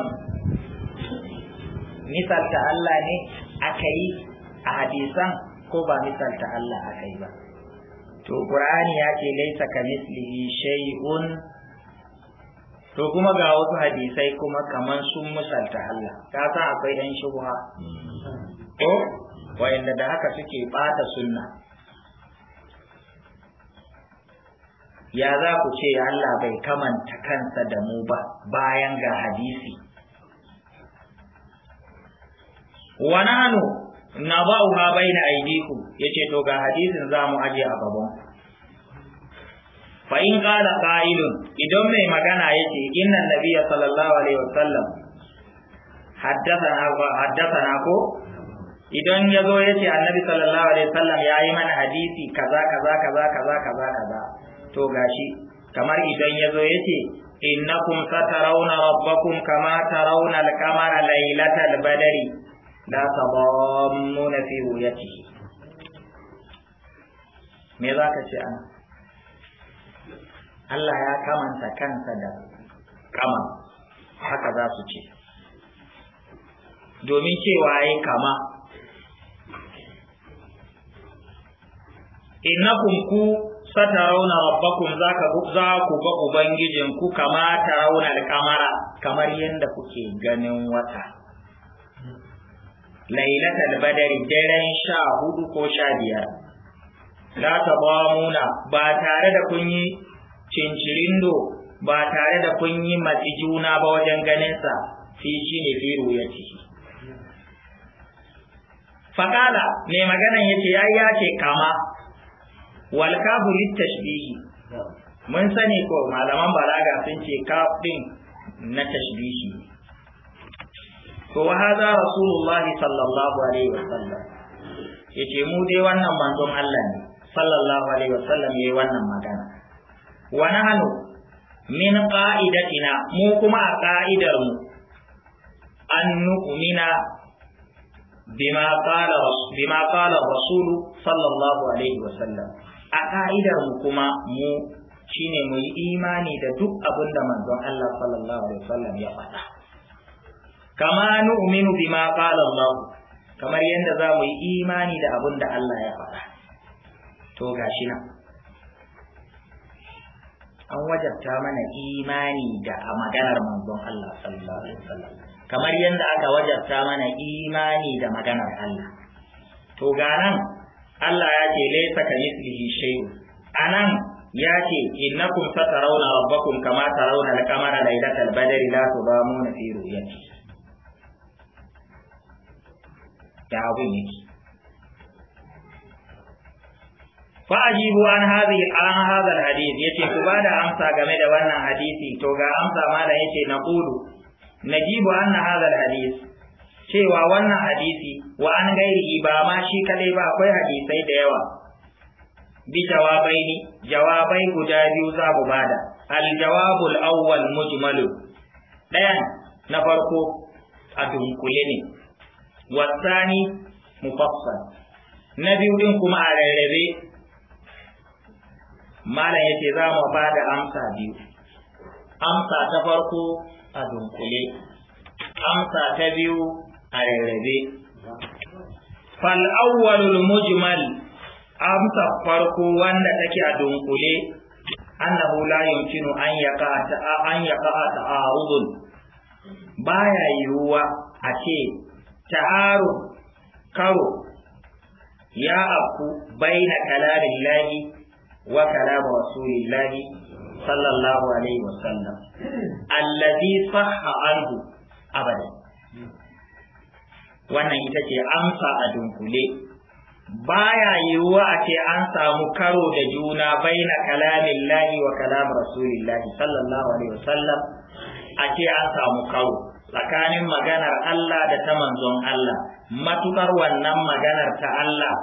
[SPEAKER 1] misalta Allah ne aka yi a hadisan ko ba misalta Allah aka yi ba to Qur'ani ya ce laisa ka mislihi shay'un to kuma ga wasu hadisai kuma kaman sun misalta Allah ka san akwai dan shubha hmm. ko wayanda da haka suke bata sunna ya za ku ce Allah bai kamanta kansa da mu ba bayan ga hadisi wa nahnu nabauha baina ya yace to ga hadisin za mu aje a gaban fa in qala qa'ilun idan mai magana yace innan nabiyya sallallahu alaihi wasallam haddathana haddathana ko idan yazo yace annabi sallallahu alaihi wasallam yayi mana hadisi kaza kaza kaza kaza kaza kaza to gashi kamar idan ya zo ya ce innakum satarawna rabbakum kama tarawna al-qamara laylatal badri la tadammuna fi ru'yatihi me za ka ce ana Allah ya kamanta kansa da kama haka za su ce domin cewa ya kama innakum ku satarauna rabbakum zaka za ku ga ubangijin ku kama raunar kamara kamar yadda kuke ganin wata lailatul badri daren sha hudu ko sha biyar la Muna ba tare da kun yi cincirindo ba tare da kun yi matsi juna ba wajen ganin sa fi ne fi ciki. fakala mai maganan yace yayi ya kama wal kafu mun sani ko malaman balaga sun ce kaf din na tashbihi to wa hada rasulullah sallallahu alaihi wasallam yace mu dai wannan manzon Allah ne sallallahu alaihi wasallam yayi wannan magana wa nahnu min qa'idatina mu kuma a qa'idar mu an nu'mina bima qala bima qala rasul sallallahu alaihi wasallam a ka'idar mu kuma mu shine mu yi imani da duk abin da manzon Allah sallallahu alaihi wasallam ya faɗa kama nu'minu bima qala Allah kamar yadda za mu yi imani da abin da Allah ya faɗa to gashi nan an wajabta mana imani da a maganar manzon Allah sallallahu alaihi wasallam kamar yadda aka wajabta mana imani da maganar Allah to ga nan Allah ya ce laisa ka mislihi shay'un anan ya ce innakum satarawna rabbakum kama tarawna al-qamara laylatal badri la tudamuna fi ru'yati da abin yake fa ajibu an hadhihi an hadha al-hadith yace ku bada amsa game da wannan hadisi to ga amsa ma da yace naqulu najibu an hadha al-hadith cewa wannan hadisi wa an gairi ba ma shi kadai ba akwai hadisai da yawa bi jawabai ni jawabai guda biyu za mu bada al jawabul awwal mujmalu ɗayan na farko a dunkule ne wasani mufassal na biyu din kuma a rarrabe malam yace za mu bada amsa biyu amsa ta farko a dunkule amsa ta biyu a rarrabe fal mujmal amsa farko wanda take a dunkule annahu la yumkinu an yaqa an yaqa Ba baya yiwuwa a ce ta'arud karo ya afku baina kalamin lahi wa kalam rasulillahi sallallahu alaihi wasallam allazi sahha anhu abada wannan ita ce amsa a dunkule baya yiwuwa a ce an samu karo da juna baina kalamin lahi wa kalam rasulillahi sallallahu alaihi wasallam a ce an samu karo tsakanin maganar Allah da ta manzon Allah matukar wannan maganar ta Allah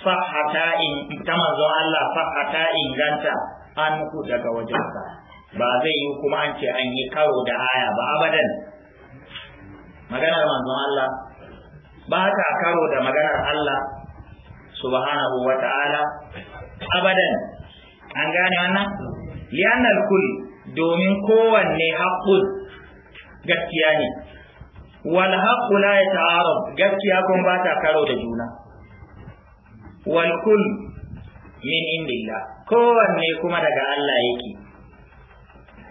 [SPEAKER 1] sahata in ta manzon Allah sahata inganta an ku daga wajensa ba zai yi kuma an ce an yi karo da aya ba abadan maganar manzon Allah ba ta karo da maganar Allah subhanahu wa ta'ala abadan an gane wannan liyanar kul domin kowanne haƙƙun gaskiya ne wal haqqu la yata'arab gaskiya kun ba ta karo da juna wal kul min indillah kowanne kuma daga Allah yake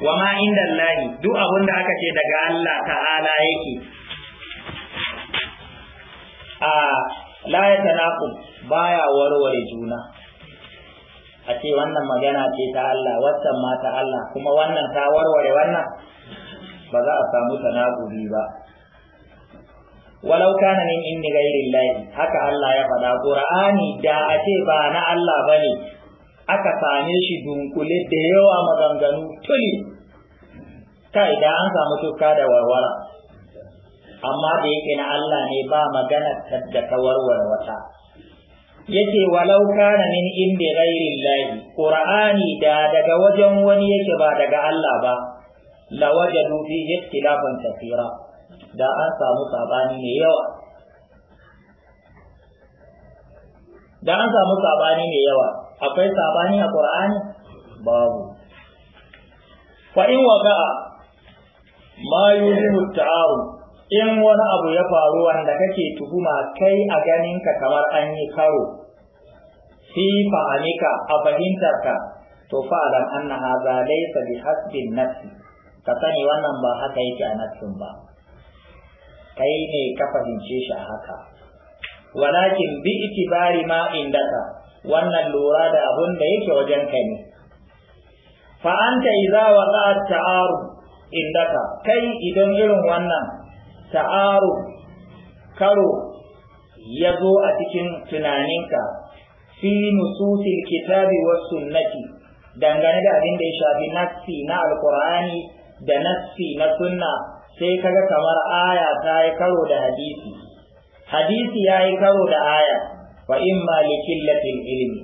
[SPEAKER 1] wa ma inda duk abin da aka ce daga Allah ta'ala yake a la ya baya warware juna a ce wannan magana ce ta Allah wannan ma ta Allah kuma wannan ta warware wannan ba za a samu tanaku ba walau kana min inni ghairillahi haka Allah ya faɗa Qur'ani da a ce ba na Allah bane aka same shi dunkule da yawa maganganu tuli kai da an samu tuka da warwara amma da yake na Allah ne ba magana da ta warware wata Yake walau kana min indi lahi. qur'ani da daga wajen wani yake ba daga Allah ba la wajadu fi ikhtilafan kathira da an samu sabani ne yawa da an samu sabani ne yawa akwai sabani a qur'ani babu fa in waga ma yulimu ta'aruf in wani abu ya faru wanda kake tuhuma kai a ganinka kamar an yi karo fi ka, a fahimtarka to fa'alam anna hadha laysa bi hasbin nafsi ka sani wannan ba haka yake a nafsin ba kai ne ka fahimce shi haka walakin bi itibari ma indaka wannan lura da abun da yake wajen ka ne fa anta idza waqa'a ta'arud indaka kai idan irin wannan ta'aru karo ya zo a cikin tunaninka fi nususil kitabi wa sunnati dangane da abin da ya shafi nassi na alkur'ani da nassi na sunna sai kaga kamar aya ta yi karo da hadisi hadisi ya yi karo da aya wa imma li killatil ilmi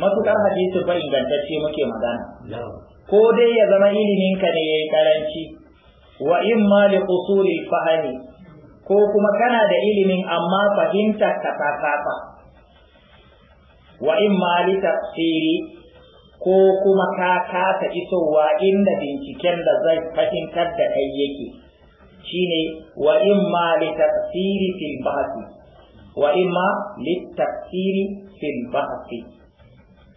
[SPEAKER 1] matukar hadisi ba ingantacce muke magana ko dai ya zama ilimin ka ne yayi karanci wa ma li qusuril fahmi ko kuma kana da ilimin amma fahimtar ka ta kafa wa ma li tafsiri ko kuma ka kasa isowa inda binciken da zai fahimtar da kai yake shine wa ma li tafsiri fil bahthi wa ma li tafsiri fil bahthi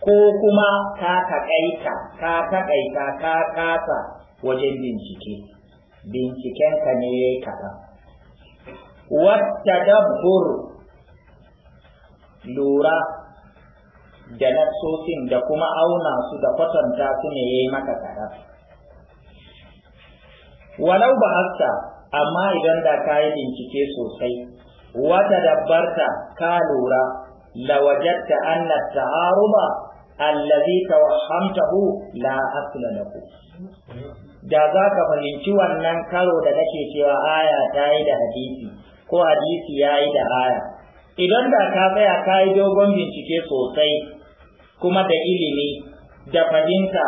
[SPEAKER 1] ko kuma ka takaita ka takaita ka kasa wajen bincike bincikenka ne ya yi kaɗan wata dabbur lura da nasosin da kuma auna su da kwatanta su ne ya yi maka kaɗan walau ba amma idan da ka yi bincike sosai wata dabbarta ka lura lawajatta anna ta'aruba allazi tawahhamtahu la asla lahu da za ka fahimci wannan karo da kake cewa aya ta yi da hadisi ko hadisi ya yi da aya idan da ka tsaya ka yi dogon bincike sosai kuma da ilimi da fahimta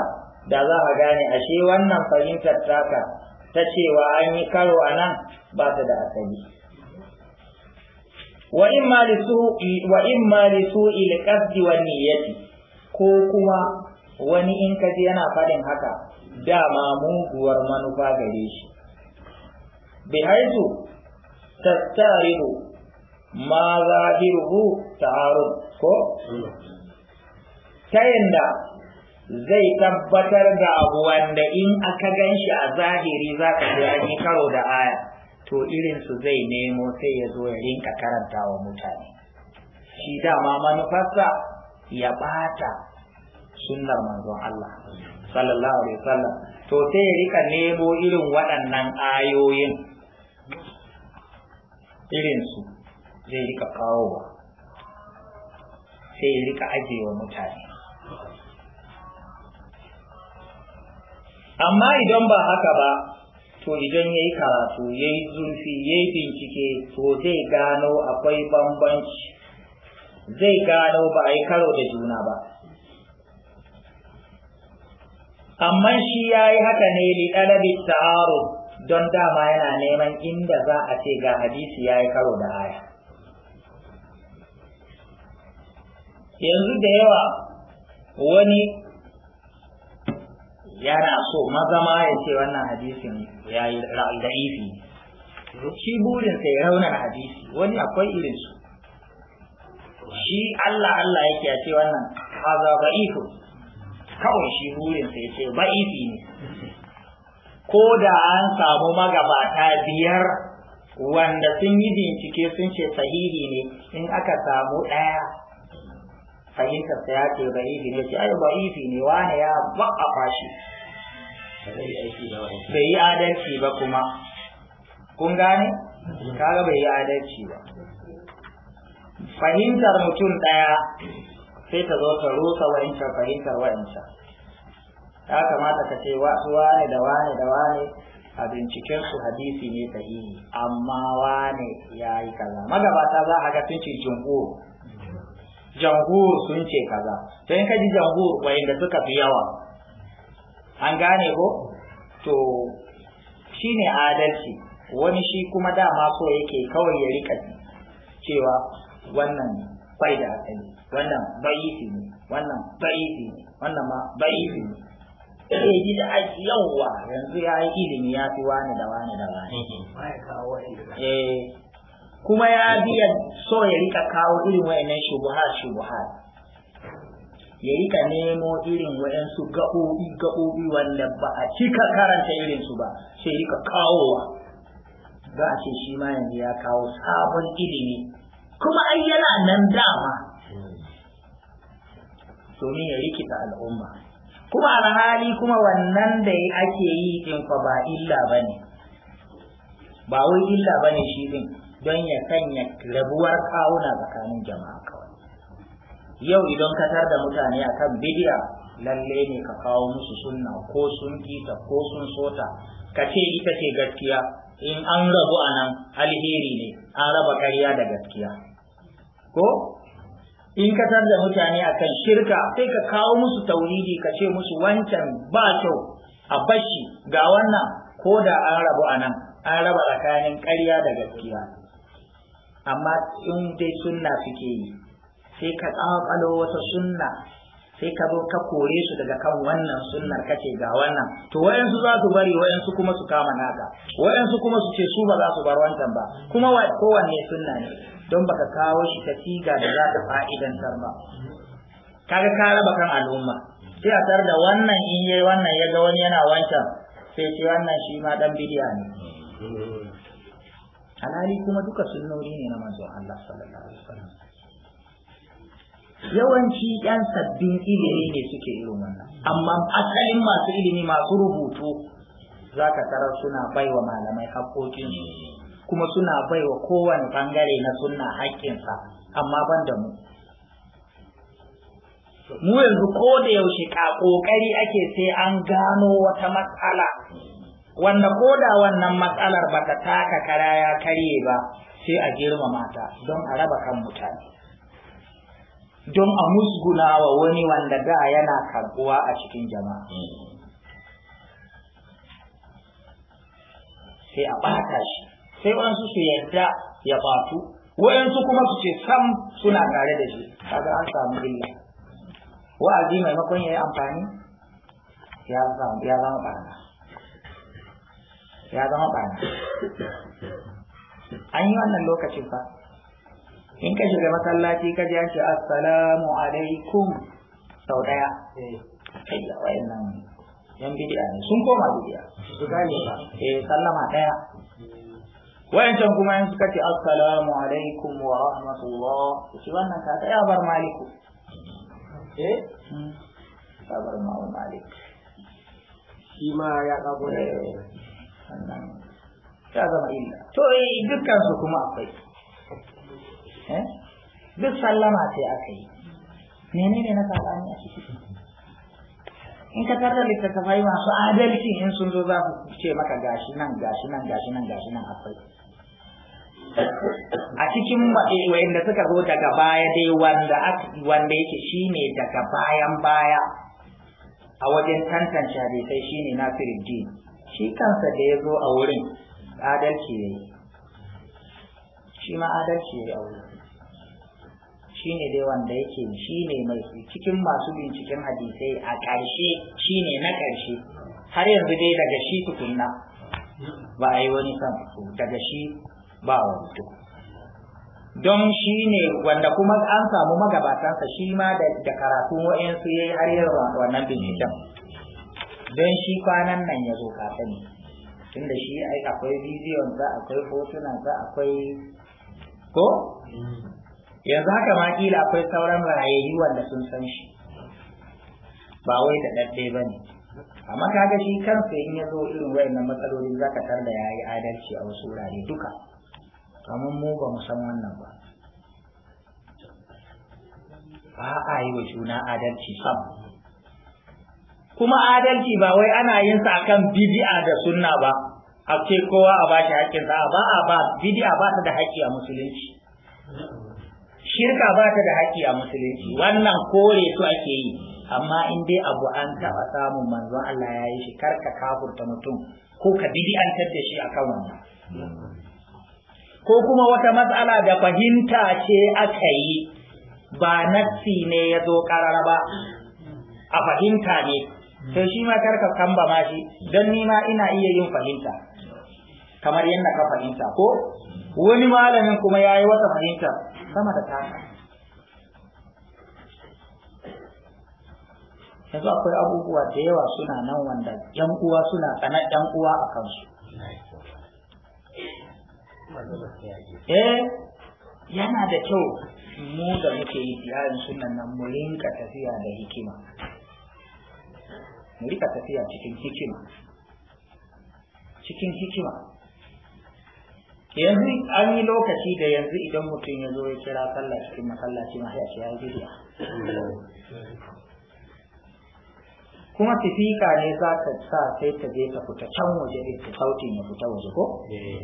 [SPEAKER 1] da za a gane ashe wannan fahimtar taka ta cewa an yi karo a nan ba ta da asali wa in ma li su'il qasdi wa niyyati ko kuma wani in kaji yana faɗin haka dama muguwar manufa gare shi bi haitu tattarihu ma zahiruhu ta'arud ko ta yadda zai tabbatar da abu wanda in aka ganshi a zahiri za ka ji an yi karo da aya to irinsu zai nemo sai ya zo ya rinka karanta wa mutane shi dama manufarsa ya bata sunnar manzon Allah sallallahu alaihi wasallam to sai ya rika nemo irin waɗannan ayoyin irin su zai rika kawowa sai ya rika ajewa mutane amma idan ba haka ba to idan ya yi karatu ya yi zurfi ya yi bincike to zai gano akwai bambanci zai gano ba a yi karo da juna ba amma shi ya yi haka ne li ɗalabi ta'aru don dama yana neman inda za a ce ga hadisi ya yi karo da aya yanzu da yawa wani yana so maza ma ya ce wannan hadisin ya yi ra'ifi shi burinsa ya raunar hadisi wani akwai irinsu shi Allah Allah yake a ce wannan haza ba'ifu kawai shi burin sai ce ba'ifi ne ko da an samu magabata biyar wanda sun yi bincike sun ce sahihi ne in aka samu ɗaya fahimtar sa ya ce ba'ifi ne ce ai ba'ifi ne wane ya ba'afa shi
[SPEAKER 2] bai yi adalci
[SPEAKER 1] ba kuma kun gane kaga bai yi adalci ba fahimtar mutum ɗaya sai ta zo ta rusa wa'incan fahimtar wa'incan ya kamata ka ce wasu wane da wane da wane a binciken su hadisi ne sahihi amma wane ya yi kaza magabata za a ga sun ce jumhur jumhur sun ce kaza to in ka ji jumhur wa'inda suka fi yawa an gane ko to shine adalci wani shi kuma dama so yake kawai ya rika cewa wannan bai da asali wannan ba'ifi ne wannan ba'ifi ne wannan ma ba'ifi ne eh ji da aiki yawwa yanzu ya yi ilimi ya fi wani da wani da wani eh kuma ya biya so ya rika kawo irin wayannan shubuhar shubuhar ya rika nemo irin wayansu gaɓoɓi gaɓoɓi wanda ba a cika karanta irin su ba sai rika kawowa za a ce shi ma yanzu ya kawo sabon ilimi kuma ai yana nan dama domin ya rikita al'umma kuma alhali kuma wannan da ake yi din fa ba illa bane ba wai illa ne shi din don ya sanya rabuwar kawuna tsakanin jama'a kawai yau idan ka tar da mutane a kan bidiya lalle ne ka kawo musu sunna ko sun kita ko sun sota ka ce ita ce gaskiya in an rabu a nan alheri ne an raba karya da gaskiya ko in ka da mutane a akan shirka sai ka kawo musu tauridi ka ce musu wancan ba kyau a bashi ga wannan ko da an rabu a nan an raba tsakanin ƙarya da gaskiya amma in dai sunna suke yi sai ka tsakalo wata sunna sai ka zo ka kore su daga kan wannan sunnar kace ga wannan to wayansu za su bari wayansu kuma su kama naka wayansu kuma su ce su ba za su bar wancan ba kuma kowanne sunna ne don baka kawo shi ta siga da za ta fa'idantar ba kaga ka raba kan al'umma sai a tar da wannan in yayi wannan ya ga wani yana wancan sai ce wannan shi ma dan bidiya ne alhali kuma duka sunnoni ne na manzon Allah sallallahu alaihi wasallam yawanci yan sabbin ilimi ne suke irin wannan amma asalin masu ilimi masu rubutu zaka tarar suna baiwa malamai haƙoƙinsu kuma suna baiwa kowane bangare na sunna haƙƙinsa amma ban da mu mu yanzu ko da yaushe ka ƙoƙari ake sai an gano wata matsala wanda ko da wannan matsalar ba ta taka kara ya karye ba sai a girma mata, don a raba kan mutane don a musguna wa wani wanda da yana karbuwa a cikin jama'a sai a ɓata shi sai waɗansu su yarda ya ɓatu waɗansu kuma su ce sam suna tare da shi kaga an samu illa wa'azi maimakon ya yi amfani ya zama ɓarna ya zama ɓarna an yi wannan lokacin fa in ka shiga masallaci ka ji an ce assalamu alaikum sau ɗaya
[SPEAKER 2] eh. ayyawa yan nan
[SPEAKER 1] yan bidiya ne sun koma bidiya su gane ba eh sallama ɗaya wayancan kuma in suka ce assalamu alaikum wa rahmatullah shi wannan ka ta bar maliku eh ta hmm. bar mawa malik shi ma ya kago ne eh, ya zama illa to eh dukkan su kuma akwai eh duk sallama sai aka yi menene na sallama a cikin? in ka tarda littattafai masu adalci in sun zo za ku ce maka gashi nan gashi nan gashi nan gashi nan akwai a cikin da suka zo daga baya dai wanda wanda yake ne daga bayan baya a wajen tantance hadisai na Nasiruddin shi kansa da ya zo a wurin adalci ne shi ma adalci yayi a wurin ne dai wanda yake ne mai cikin masu binciken hadisai a ƙarshe ne na ƙarshe har yanzu dai daga shi tukunna ba a yi wani san daga shi ba wanto don shi ne wanda kuma an samu magabatansa shi ma da karatu wa'insu ya yi har yin wannan binciken don shi kwanan nan ya zo ka sani tunda shi ai akwai bidiyon za akwai hotuna za akwai ko yanzu haka ma kila akwai sauran rayayyu wanda sun san shi ba wai da ɗaɗɗe ba ne amma kaga shi kansa in ya zo irin wayannan matsalolin zaka tar da yayi adalci a wasu wurare duka kamar mu ba mu san wannan ba ba a yi wa juna adalci sam kuma adalci ba wai ana yin sa akan bid'a da sunna ba a ce kowa a ba shi haƙƙin sa ba a ba bid'a ba ta da haƙƙi a musulunci shirka ba ta da haƙƙi a musulunci wannan kore su ake yi amma in dai abu an taɓa samun manzon Allah ya yi shi karka kafurta mutum ko ka bid'antar da shi akan wannan ko kuma wata matsala da fahimta ce aka yi ba nassi ne ya zo karara ba a fahimta ne to shi ma karka kamba ma shi don ni ma ina iya yin fahimta kamar yadda ka fahimta ko wani malamin kuma ya yi wata fahimta sama da taka yanzu akwai abubuwa da yawa suna nan wanda yan uwa suna tsanar yan uwa a kansu eh yana da kyau mu da muke yi tiyarin sunan nan mu rinka tafiya da hikima mu rika tafiya cikin hikima cikin hikima yanzu an yi lokaci da yanzu idan mutum ya zo ya kira sallah cikin masallaci ma ya ce ya yi kuma fifika ne za ka sa sai ta je ta fita can waje ta sautin ya fita waje ko eh.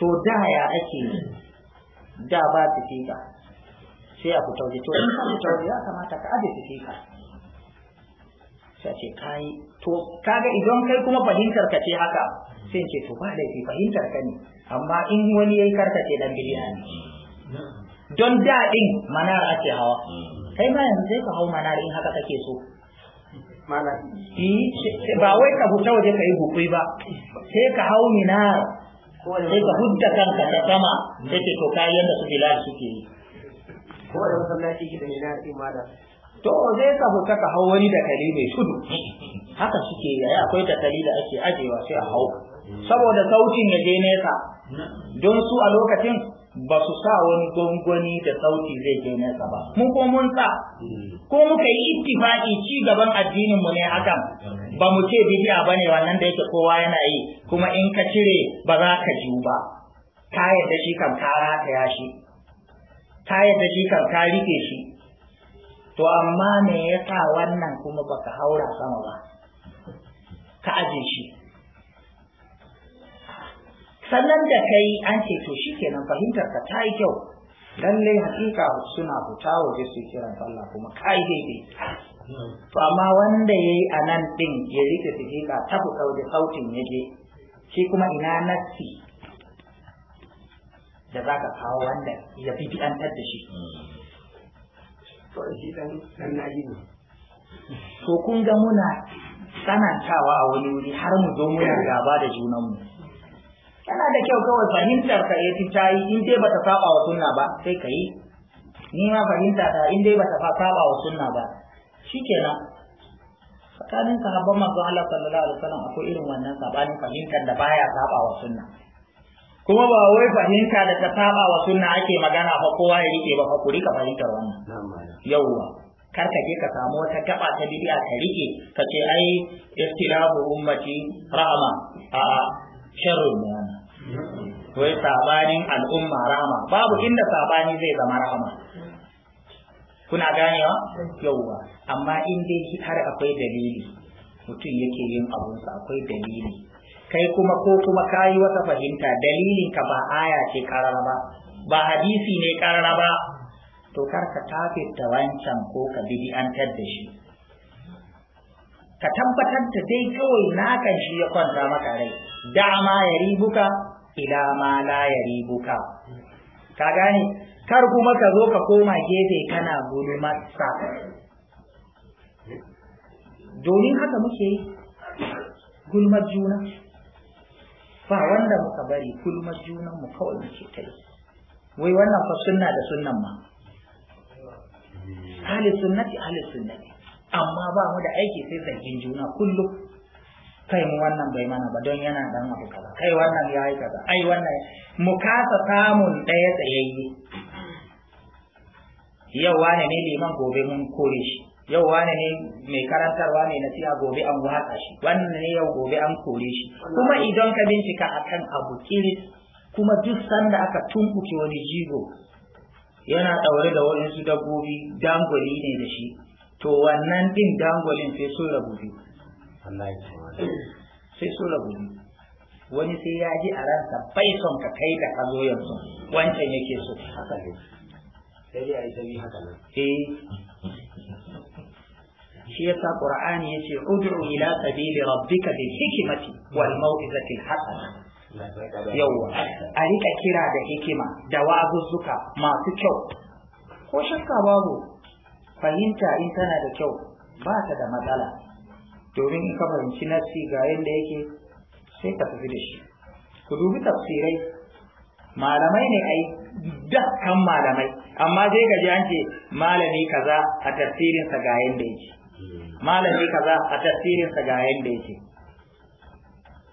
[SPEAKER 1] to da ya ake da ba fifika sai a fita waje to in ka fita ya kamata ka aje fifika sai ce kai to kaga idan kai kuma fahimtar ka ce haka sai ce to ba da fi fahimtar ka ne amma in wani yayi karkace dan biliya
[SPEAKER 2] ne
[SPEAKER 1] don da manar ake hawa kai ma yanzu sai ka hau manar in haka kake so ba wai ka fita waje ka yi hukui ba sai ka hau minar sai ka hujja kanka ta sama yake to kayan yadda su bilal suke yi ko da masallaci gida ne na ce mala to zai ka fita ka hau wani da kali mai tudu haka suke yi akwai da kali da ake ajewa sai a hau saboda sautin ya je nesa don su a lokacin ba su sa wani gwangwani da sauti zai je nesa ba mun ko mun sa mm. ko muka yi ittifaqi ci gaban addininmu ne hakan mm. ba mu ce a bane wannan da yake kowa yana yi kuma in ka cire ba za ka ji ba ka yadda shi kan ka ta shi ka yadda shi kan ka rike shi to amma me ya sa wannan kuma baka haura sama ba ka aje shi Sannan da kai an ce to shi kenan fahimtar ka ta yi kyau lallai hakika suna fita waje
[SPEAKER 2] su kiran sallah
[SPEAKER 1] kuma kai daidai to amma wanda yayi anan din ya rike sifika ta fita da sautin yaje shi kuma ina nassi da za ka kawo wanda ya fi an da shi to kun ga
[SPEAKER 3] muna
[SPEAKER 2] sanantawa
[SPEAKER 1] a wani wuri har mu zo muna gaba da junanmu yana da kyau kawai fahimtar ka yafi ta yi in dai bata saba wa sunna ba sai ka yi ni ma fahimta ta in dai bata saba wa sunna ba shikenan tsakanin sahabban manzon Allah sallallahu alaihi wasallam akwai irin wannan sabanin fahimtar da baya saba wa sunna kuma ba wai fahimta da ta saba wa sunna ake magana fa kowa ya rike ba fa ku rika fahimtar wannan yawwa kar ka je ka samu wata gaba ta bid'a ka rike ka ce ai istilahu ummati rahma a sharrun yi sabanin al'umma rahama babu inda sabani zai zama rahama kuna ganewa yauwa amma in dai har akwai dalili mutum yake yin abunsa akwai dalili kai kuma ko kuma kayi wata fahimta dalilin ka ba aya ce karara ba ba hadisi ne karara ba to kar ka tafi da wancan ko ka an da shi ka tabbatar da dai kawai kan shi ya kwanta maka rai dama ya ribuka ila ma la buka. ka gane kar kuma ka zo ka koma gefe kana gulmarsa domin haka muke yi gulmar juna ba wanda muka bari gulmar junanmu mu kawai muke ta yi wai wannan fa sunna da sunnan ma ahli sunnati ahli sunnati amma ba mu da aiki sai zargin juna kullum kai mu wannan bai mana ba don yana dan abu kaza kai wannan ya yi kaza ai wannan mu kasa samun ɗaya tsayayye yau wane ne liman gobe mun kore shi yau wane ne mai karantarwa na siya gobe an watsa shi wannan ne yau gobe an kore shi kuma idan ka bincika akan abu kiris kuma duk sanda aka tunkuke wani jigo yana ɗaure da waɗansu dabbobi dangwali ne da shi to wannan ɗin dangwalin sai sun rabu biyu wallahi sai su rabu wani sai ya ji a ransa bai son ka kai da ka zo yanzu wancan yake so haka ne sai dai a yi sabi haka nan eh shi yasa qur'ani yace ud'u ila sabili rabbika bil hikmati wal mau'izati hasana yawa a rika kira da hikima da wazuzzuka masu kyau ko shakka babu fahimta in tana da kyau ba ta da matsala domin in ka fahimci nassi ga yadda yake sai ka tafi da shi ku dubi tafsirai malamai ne ai dakkan malamai amma zai gaji an ce malami kaza a tafsirinsa ga yadda yake malami kaza a tafsirinsa ga yadda yake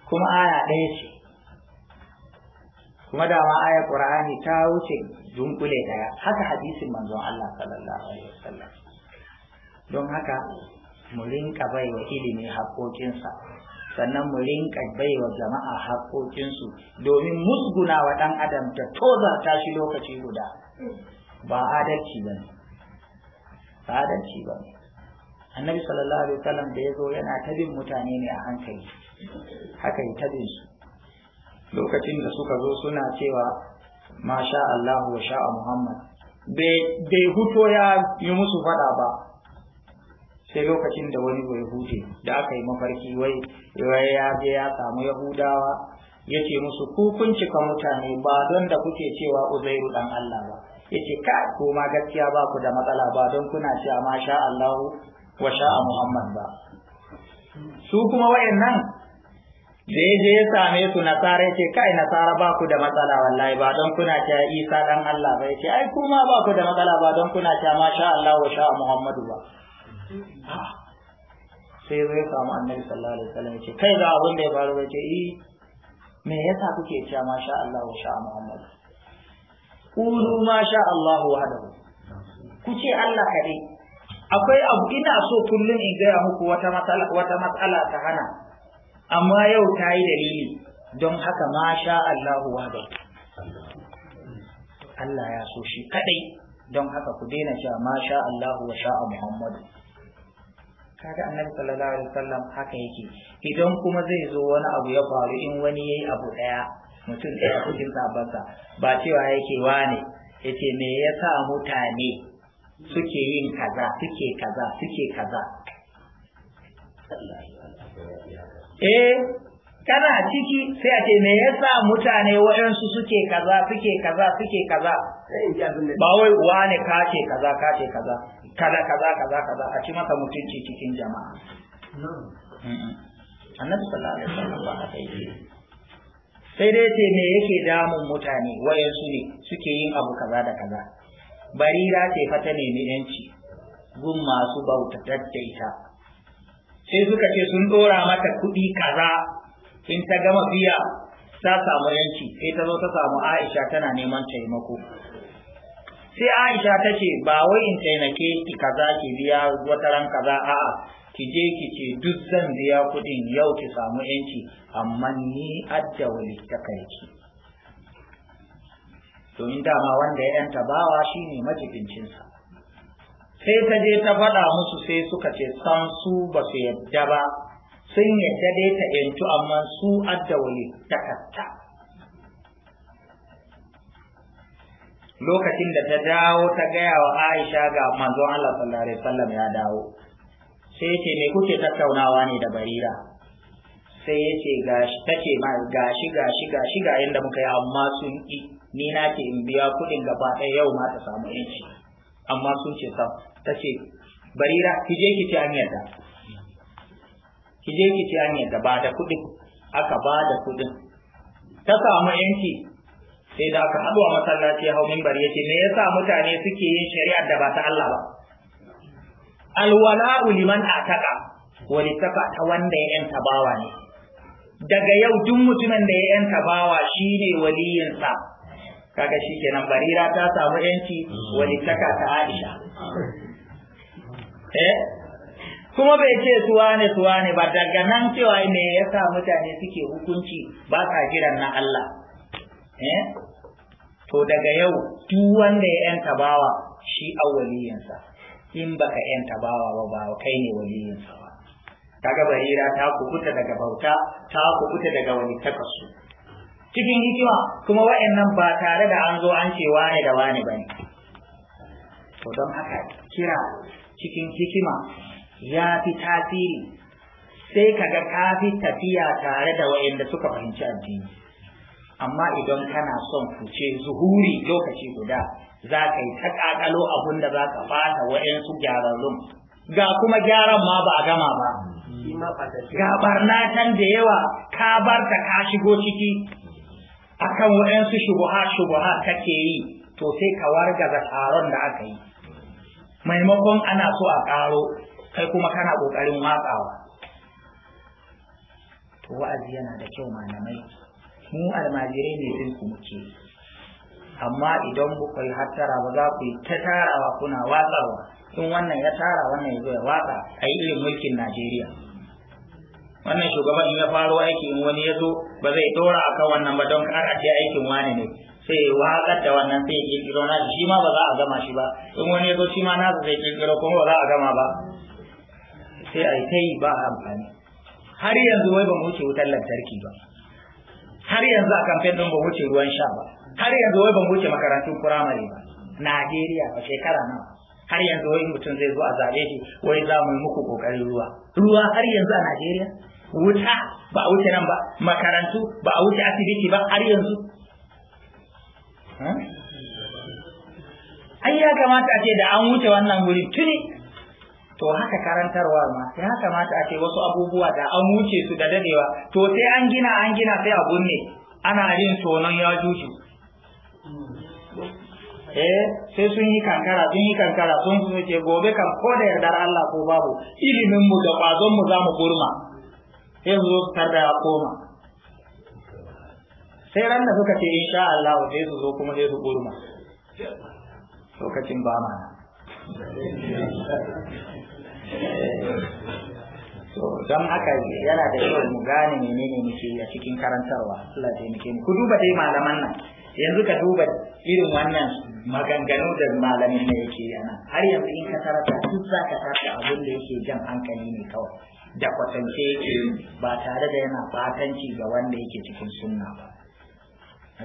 [SPEAKER 1] kuma aya ɗaya ce kuma da ma aya qur'ani ta wuce dunkule daya haka hadisin manzon Allah sallallahu alaihi wasallam don haka mu rinka bai wa ilimi haƙoƙinsa sannan mu rinka bai wa jama'a haƙoƙinsu domin musguna wa ɗan adam ta toza ta shi lokaci guda ba adalci ba ne ba adalci ba ne annabi sallallahu alaihi wasallam da ya zo yana tabin mutane ne a hankali haka yi tabin su lokacin da suka zo suna cewa masha Allah wa sha'a Muhammad bai huto ya yi musu faɗa ba sai lokacin da wani bai hute da aka yi mafarki wai ya je ya samu yahudawa ya ce musu ku kun cika mutane ba don da kuke cewa uzairu dan Allah ba ya ce ka ko ma gaskiya ba ku da matsala ba don kuna cewa ma sha Allahu wa sha Muhammad ba su kuma wayannan da ya je ya same su nasara ya ce kai nasara ba ku da matsala wallahi ba don kuna cewa Isa dan Allah ba ya ce ai kuma ba ku da matsala ba don kuna cewa ma sha Allahu wa sha Muhammadu ba
[SPEAKER 2] sai
[SPEAKER 1] zai samu annabi sallallahu alaihi wasallam ya ce kai ga abin da ya faru ba ce eh me yasa kuke cewa masha Allah wa sha Muhammad Kulu ma sha Allah wahdahu ku ce Allah kadai akwai abu ina so kullum in gaya muku wata matsala wata matsala ta hana amma yau ta yi dalili don haka masha Allah wahdahu Allah ya so shi kadai don haka ku daina cewa masha Allah wa sha Muhammad kaga annabi sallallahu alaihi wasallam haka yake idan kuma zai zo wani abu ya faru in wani yayi abu daya mutum ya cikin sabansa ba cewa yake wane yace me yasa mutane suke yin kaza suke kaza suke kaza eh kana ciki sai a ce me yasa mutane waɗansu suke kaza suke kaza suke kaza ba wai wane kace kaza kace kaza kada kaza kaza kaza a ci masa mutunci cikin jama'a annabi sallallahu alaihi wasallam ba haka yake sai dai ce me yake damun mutane wayansu ne suke yin abu kaza da kaza barira ce fa ta nemi yanci gun masu bauta daddaita sai suka ce sun dora mata kuɗi kaza in ta gama biya ta samu yanci sai ta zo ta samu Aisha tana neman taimako sai aisha ta ce ba wai in taimake ki kaza ki biya wata ran kaza a'a ki je ki ce duk zan biya kudin yau ki samu yanci amma ni adda wani ta kai ki domin dama wanda ya yanta bawa shine majibincinsa sai ta je ta faɗa musu sai suka ce san su ba su yadda ba sun yadda dai ta yantu amma su adda wani ta lokacin da ta dawo ta gaya wa Aisha ga manzo Allah sallallahu alaihi wasallam ya dawo sai ce me kuke tattaunawa ne da Barira sai ya ce gashi tace ma gashi gashi gashi ga inda muka yi amma sun ki ni na ce in biya kuɗin gaba ɗaya yau ma ta samu yanci amma sun ce sam tace Barira ki je ki ci an da, ki je ki ci an yadda ba da kuɗin aka ba da kuɗin ta samu yanci sai da aka haɗu a masallaci hau mimbar ya ce me yasa mutane suke yin shari'ar da ba ta Allah ba alwala'u liman ataka walittaka ta wanda ya yanta bawa ne daga yau duk mutumin da ya yanta bawa shine waliyinsa kaga shikenan barira ta samu yanci walittaka ta Aisha eh kuma bai ce suwane suwane ba daga nan cewa me yasa mutane suke hukunci ba sa jiran na Allah Eh? to daga yau duk wanda ya yanta bawa shi awwaliyinsa in baka yanta bawa ba ba kai ne waliyinsa ba kaga bahira ta kubuta daga bauta ta kubuta daga wani takasu cikin hikima kuma wa'annan ba tare da an zo an ce wane da wane bane to don haka kira cikin hikima ya fi tasiri sai kaga ka fi tafiya tare da wa'anda suka fahimci addini amma idan kana son fice zuhuri lokaci guda za ka yi ta abin da za ka fata wa'yansu gyararrun ga kuma gyaran ma ba a gama ba ga barna can da yawa ka bar ta ka shigo ciki akan wa'yansu shubuha shubuha kake yi to sai ka da taron da aka yi maimakon ana so a karo kai kuma kana kokarin watsawa to wa'azi yana da kyau malamai mu almajirai ne bin ku muke amma idan ku yi hattara ba za ku yi ta tarawa kuna watsawa in wannan ya tara wannan ya zo ya watsa a yi irin mulkin najeriya wannan shugaban in ya faro aiki in wani ya zo ba zai dora kan wannan ba don kar a je aikin wani ne sai ya waƙar da wannan sai ya kirkiro na shi ma ba za a gama shi ba in wani ya zo shi ma nasa zai kirkiro kuma ba za a gama ba sai a yi ta yi ba amfani har yanzu wai ba mu wuce wutar lantarki ba har yanzu a kamfen ɗin ba wuce ruwan sha ba har yanzu wai ban wuce makarantun firamare ba najeriya ba shekara nawa har yanzu wai mutum zai zo a zaɓe shi wai za mu yi muku ƙoƙarin ruwa ruwa har yanzu a najeriya wuta ba a wuce nan ba makarantu ba a wuce asibiti ba har yanzu ai ya kamata a ce da an wuce wannan guri tuni to haka karantarwa ma sai haka mata a wasu abubuwa da an wuce su da dadewa to sai an gina an gina sai a gunne ana yin tonon ya juju eh sai sun yi kankara sun yi kankara sun su ce gobe kan ko da yardar Allah ko babu ilimin mu da kwazon mu zamu kurma sai zo tar da koma sai ran da suka ce insha Allah sai su zo kuma sai su kurma lokacin ba ma don haka yana da yawan mu gane menene muke a cikin karantarwa Allah ya taimake ku duba dai malaman nan yanzu ka duba irin wannan maganganu da malamin ne yake yana har yanzu in ka tarata duk za ka tarata abin da yake jan hankali ne kawai da kwatance yake ba tare da yana batanci ga wanda yake cikin sunna ba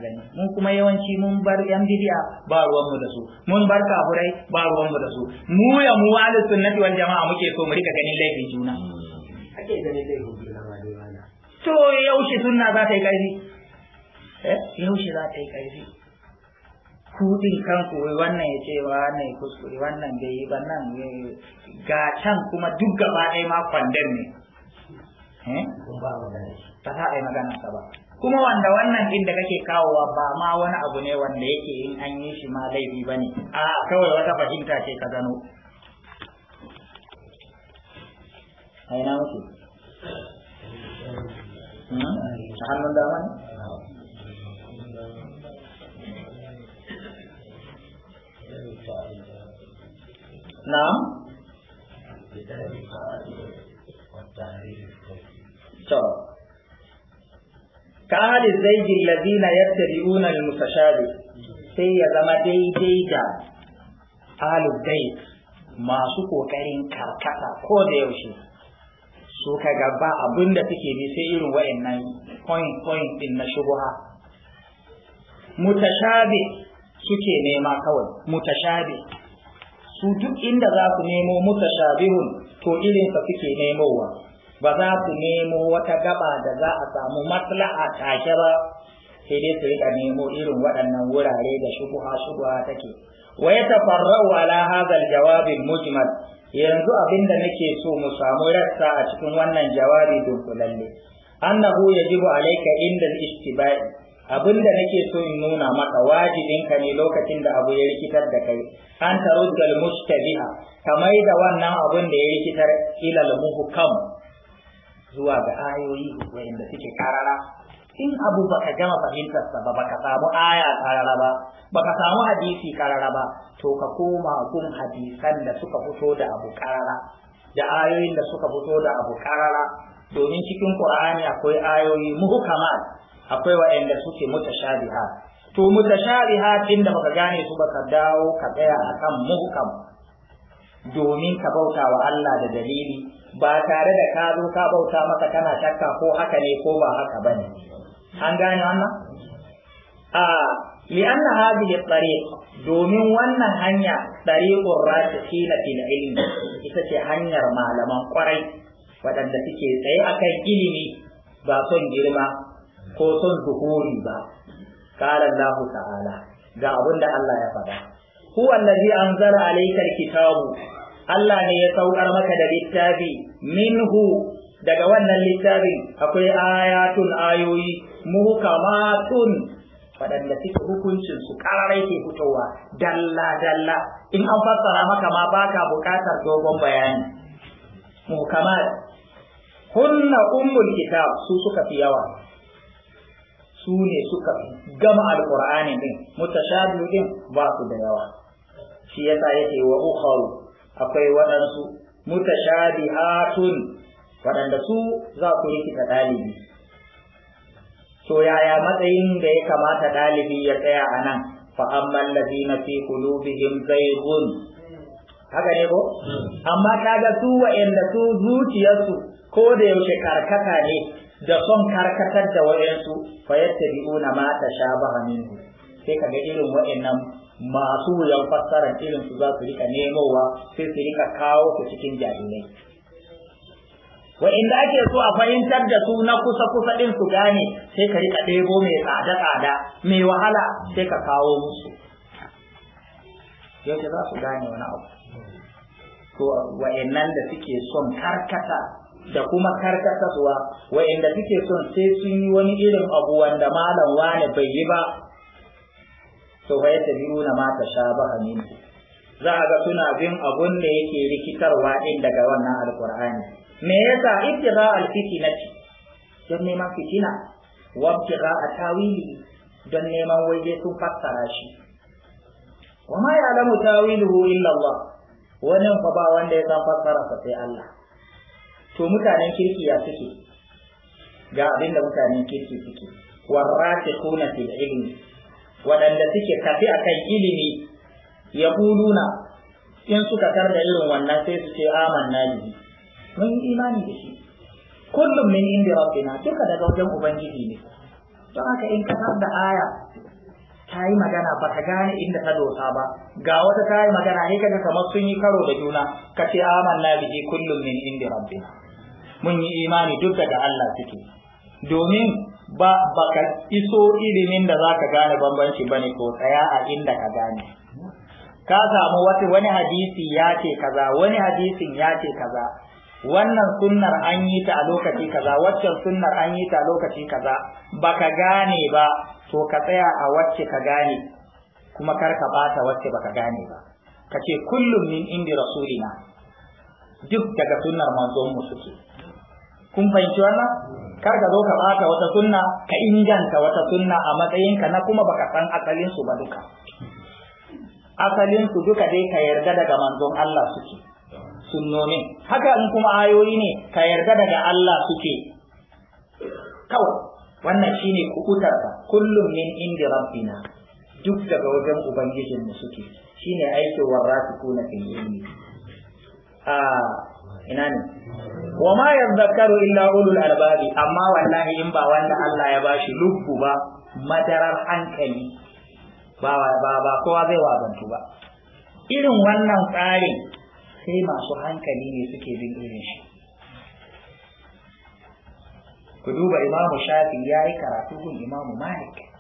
[SPEAKER 1] mun kuma yawanci mun bar yan bid'a ba ruwan mu da su mun bar kafurai ba ruwan mu da su mu ya mu ahli sunnati wal jama'a muke so mu rika ganin laifin juna hmm. ake ganin laifin juna ma dai wala to yaushe sunna za ta yi ƙarfi eh yaushe za ta yi ƙarfi kudin kanku wai wannan ya ce wa wannan ya kuskure wannan bai yi ba nan ga can kuma duk gaba ɗaya ma kwandon ne eh? ba za a yi magana ba kuma wanda wannan din da kake kawowa ba ma wani abu ne wanda yake in an yi shi ma laifi ba ne a kawai wata fahimta ce ka gano a yana muke
[SPEAKER 2] hmm? a hannun dama ne na to
[SPEAKER 1] ka ahli zaijin lazina yattabi'una al-mutashabi sai ya zama daidai da alubai masu kokarin karkata ko da yaushe su ka gaba abinda suke bi sai irin wa'annan point point din na shubha mutashabi suke nema kawai mutashabi
[SPEAKER 2] su duk inda
[SPEAKER 1] za su nemo mutashabihun to irinsa suke nemowa ba za su nemo wata gaba da za a samu maslaha take ba sai dai su rika nemo irin waɗannan wurare da shubuha shubuha take wa ya tafarrau ala hadal jawabin mujmal yanzu abinda nake so mu samu rassa a cikin wannan jawabi dunkulalle annahu yajibu alayka inda al-istibai abinda nake so in nuna maka wajibinka ne lokacin da abu ya rikitar da kai an tarudda al-mustabiha kamar da wannan abin da ya rikitar ila al-muhkam zuwa ga ayoyi inda suke karara in abu baka gama fahimtar sa ba baka samu aya karara ba baka samu hadisi karara ba to ka koma kun hadisan da suka fito da abu karara da ayoyin da suka fito da abu karara domin cikin qur'ani akwai ayoyi muhkamat akwai wa'anda suke mutashabiha to mutashabiha din da baka gane su baka dawo ka tsaya akan muhkam domin ka bauta wa Allah da dalili ba tare da ka zo ka bauta maka kana shakka ko haka ne ko ba haka ba ne an gane wannan a li'anna hadhihi tsare? domin wannan hanya tariqur rasikhin fil ilimi ita ce hanyar malaman kwarai waɗanda suke tsaye akan ilimi ba son girma ko son zuhuri ba qala Allah ta'ala ga abin da Allah ya faɗa huwa allazi anzala alayka alkitabu Allah ne ya saukar maka da littafi minhu daga wannan littafin akwai ayatun ayoyi muhkamatun waɗanda suke hukuncin su ƙararai ke fitowa dalla dalla in an fassara maka ma baka buƙatar dogon bayani muhkamat hunna ummul kitab su suka fi yawa su ne suka gama alƙur'ani din mutashabihu din ba su da yawa shi yasa yake wa ukharu akwai waɗansu tuni waɗanda su za ku rikita ɗalibi So yaya matsayin da ya kamata ɗalibi ya tsaya a nan fa amman na fi qulubihim zayghun haka ne ko amma kaga su wa'inda su zuciyarsu ko da yaushe karkata ne da son karkatar da wa'ansu fa na mata tashabaha minhu sai ka ga irin wa'annan masu wuyan fassarar irin su za su rika nemowa sai su rika kawo su cikin jahilai inda ake so a fahimtar da su na kusa kusa din su gane sai ka rika ɗebo mai tsada tsada mai wahala sai ka kawo musu yau za su gane wani abu to wa'innan da suke son karkata da kuma karkatasuwa wa'inda suke son sai sun yi wani irin abu wanda malam wane bai yi ba to wa yatabiruna ma tashabaha min za a ga suna bin abun da yake rikitarwa din daga wannan Alƙur'ani. me yasa ibtida alfitinati don neman fitina wa ibtida tawili don neman waje sun fassara shi wa ma ya'lamu tawiluhu illa Allah Wani fa ba wanda ya san fassara sa sai Allah to mutanen kirki ya suke ga abin da mutanen kirki suke warrasikhuna fil ilmi waɗanda suke tafi a kan ilimi ya na in suka da irin wannan sai su ce aman na bihi mun yi imani da shi kullum min inda na duka daga wajen ubangiji ne don haka in ka da aya ta yi magana ba ka gane inda ta dosa ba ga wata ta yi magana ne kaga kamar sun yi karo da juna ka ce aman na bihi kullum min inda rabbina mun yi imani duk daga Allah suke domin ba ka iso ilimin da za ka gane bambanci bane ko tsaya a inda ka gane ka samu wata wani hadisi ya ce kaza wani hadisin ya ce kaza wannan sunnar an yi ta a lokaci kaza waccan sunnar an yi ta a lokaci kaza Ba ka gane ba to ka tsaya a wacce ka gane kuma kar ka bata wacce baka gane ba ka ce kullum min indi rasulina duk daga sunnar manzon mu suke kun fahimci wannan kar ka zo ka bata wata sunna ka inganta wata sunna a matsayinka na kuma baka san asalin su ba duka asalin su duka dai ka yarda daga manzon Allah suke sunnomin haka in kuma ayoyi ne ka yarda daga Allah suke kawai wannan shine kukutarsa kullum min indi rabbina duk daga wajen mu suke shine aikin warrasikuna fil ilmi a ah, ina ne wa ma yadhakkaru illa ulul albabi amma wallahi in ba wanda Allah ya bashi lukku ba madarar hankali ba ba ba kowa zai wazantu ba irin wannan tsarin sai masu hankali ne suke bin irin shi ku duba imamu shafi ya yi karatu gun imamu malik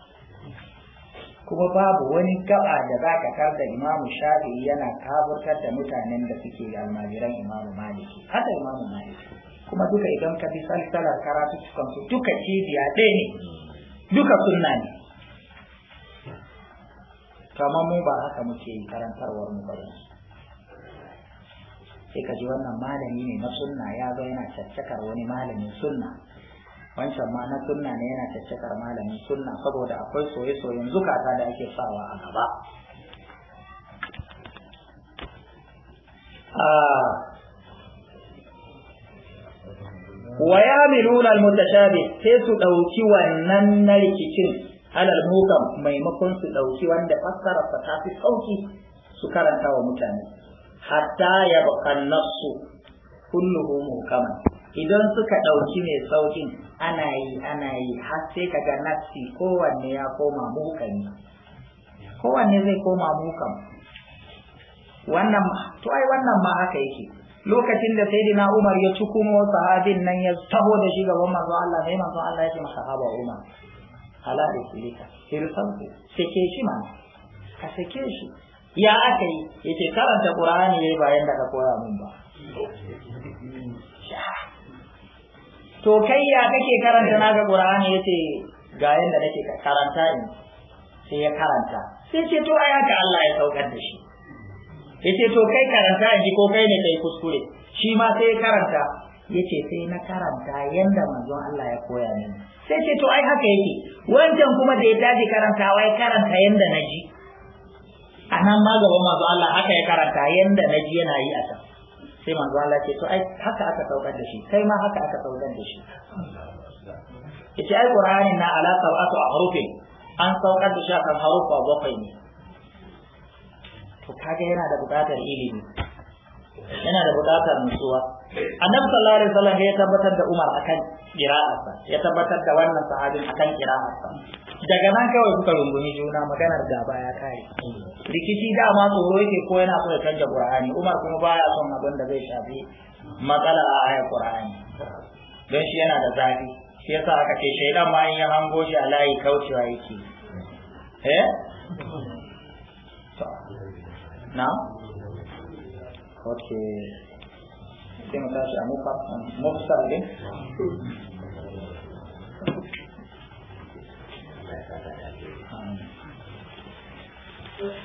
[SPEAKER 1] kuma babu wani gaba da za ka kar da imamu shafi'i yana kaburtar da mutanen da suke almajiran imamu maliki haka imamu maliki kuma duka idan ka bi salsalar karatu cikin su duka cibiya ɗaya ne duka sunna ne kama mu ba haka muke karantarwar mu ba sai ka ji wannan malami ne na sunna ya zo yana caccakar wani malamin sunna wancan ma na sunna ne yana caccakar malamin sunna saboda akwai soye-soyen zukata da ake sawa a gaba ah. wa ya miluna almutashabi sai su ɗauki wannan na rikicin alal mukam maimakon su ɗauki wanda fassararsa ta fi sauki su karanta wa mutane hatta ya bakan nasu kulluhu mukaman idan suka ɗauki mai saukin ana yi ana yi har sai ga nafsi kowanne ya koma mukami kowanne zai koma mukam wannan to ai wannan ma haka yake lokacin da sayyidina Umar ya cukumo sahabin nan ya taho da shi gaban manzo Allah sai manzo Allah ya ce masa haba Umar ala isilika hirsan sake shi ma ka sake shi ya aka yi yace karanta Qur'ani yayi bayan da ka koya mun ba
[SPEAKER 2] *laughs*
[SPEAKER 1] to kai ya kake karanta naga qur'ani yace ga yanda nake karanta in sai ya karanta sai ce to ai haka Allah ya saukar da shi yace to kai karanta in ji ko kai ne kai kuskure shi ma sai ya karanta yace sai na karanta yanda manzon Allah ya koya ni. sai ce to ai haka yake wancan kuma da ya dace karanta wai karanta yanda na ji a nan ma gaban manzon Allah haka ya karanta yanda na ji yana yi a can sai manzo Allah ce to ai haka aka saukar da shi kai ma haka aka saukar da shi yace ai qur'anin na ala sab'atu ahrufin an saukar da shi akan harufa bakwai ne to kaga yana da buƙatar ilimi yana da buƙatar nutsuwa annabi sallallahu alaihi wasallam ya tabbatar da Umar akan qira'arsa ya tabbatar da wannan sahabin akan qira'arsa daga nan kawai suka rungumi juna maganar da ya kare rikici dama tsoro yake ko yana so ya canja qur'ani umar kuma baya son abin da zai shafi matsala a ayar qur'ani don shi yana da zafi shi yasa aka ce shaidan ma in ya hango shi a layi kaucewa yake eh na
[SPEAKER 2] okay sai mu tashi a صلوا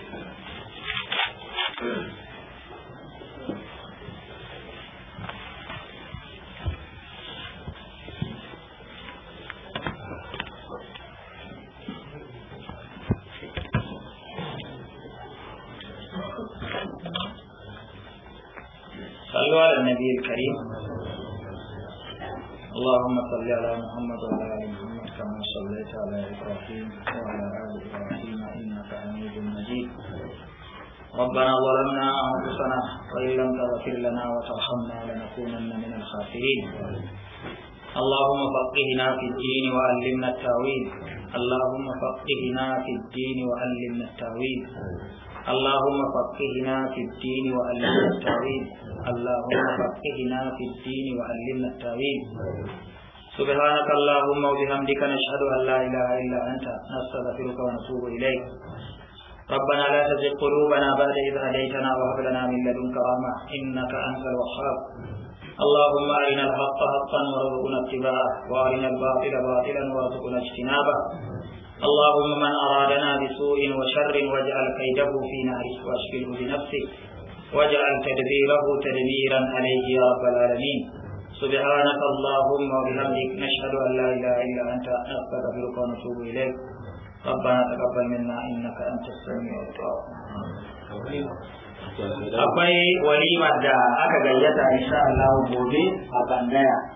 [SPEAKER 1] على النبي الكريم اللهم صل على محمد وعلى ال محمد كما صليت على ابراهيم وعلى ال ابراهيم ربنا ظلمنا أنفسنا وإن لم تغفر لنا وترحمنا لنكونن من الخاسرين اللهم فقهنا في الدين وعلمنا التاويل اللهم فقهنا في الدين وعلمنا التاويل اللهم فقهنا في الدين وعلمنا التاويل اللهم فقهنا في الدين وعلمنا التاويل سبحانك اللهم وبحمدك نشهد ان لا اله الا انت نستغفرك ونتوب اليك ربنا لا تزغ قلوبنا بعد إذ هديتنا وهب لنا من لدنك رحمة إنك أنت الوهاب اللهم أرنا الحق حقا وارزقنا اتباعه وأرنا الباطل باطلا وارزقنا اجتنابه اللهم من أرادنا بسوء وشر واجعل كيده في ناره واشغله بنفسه واجعل تدبيره تدميرا عليه يا رب العالمين سبحانك اللهم وبحمدك نشهد أن لا إله إلا أنت نستغفرك ونتوب إليك ربنا تقبل منا انك
[SPEAKER 2] انت السميع الدعاء
[SPEAKER 1] akwai walimar
[SPEAKER 3] da aka gayyata insha Allah gobe a bandaya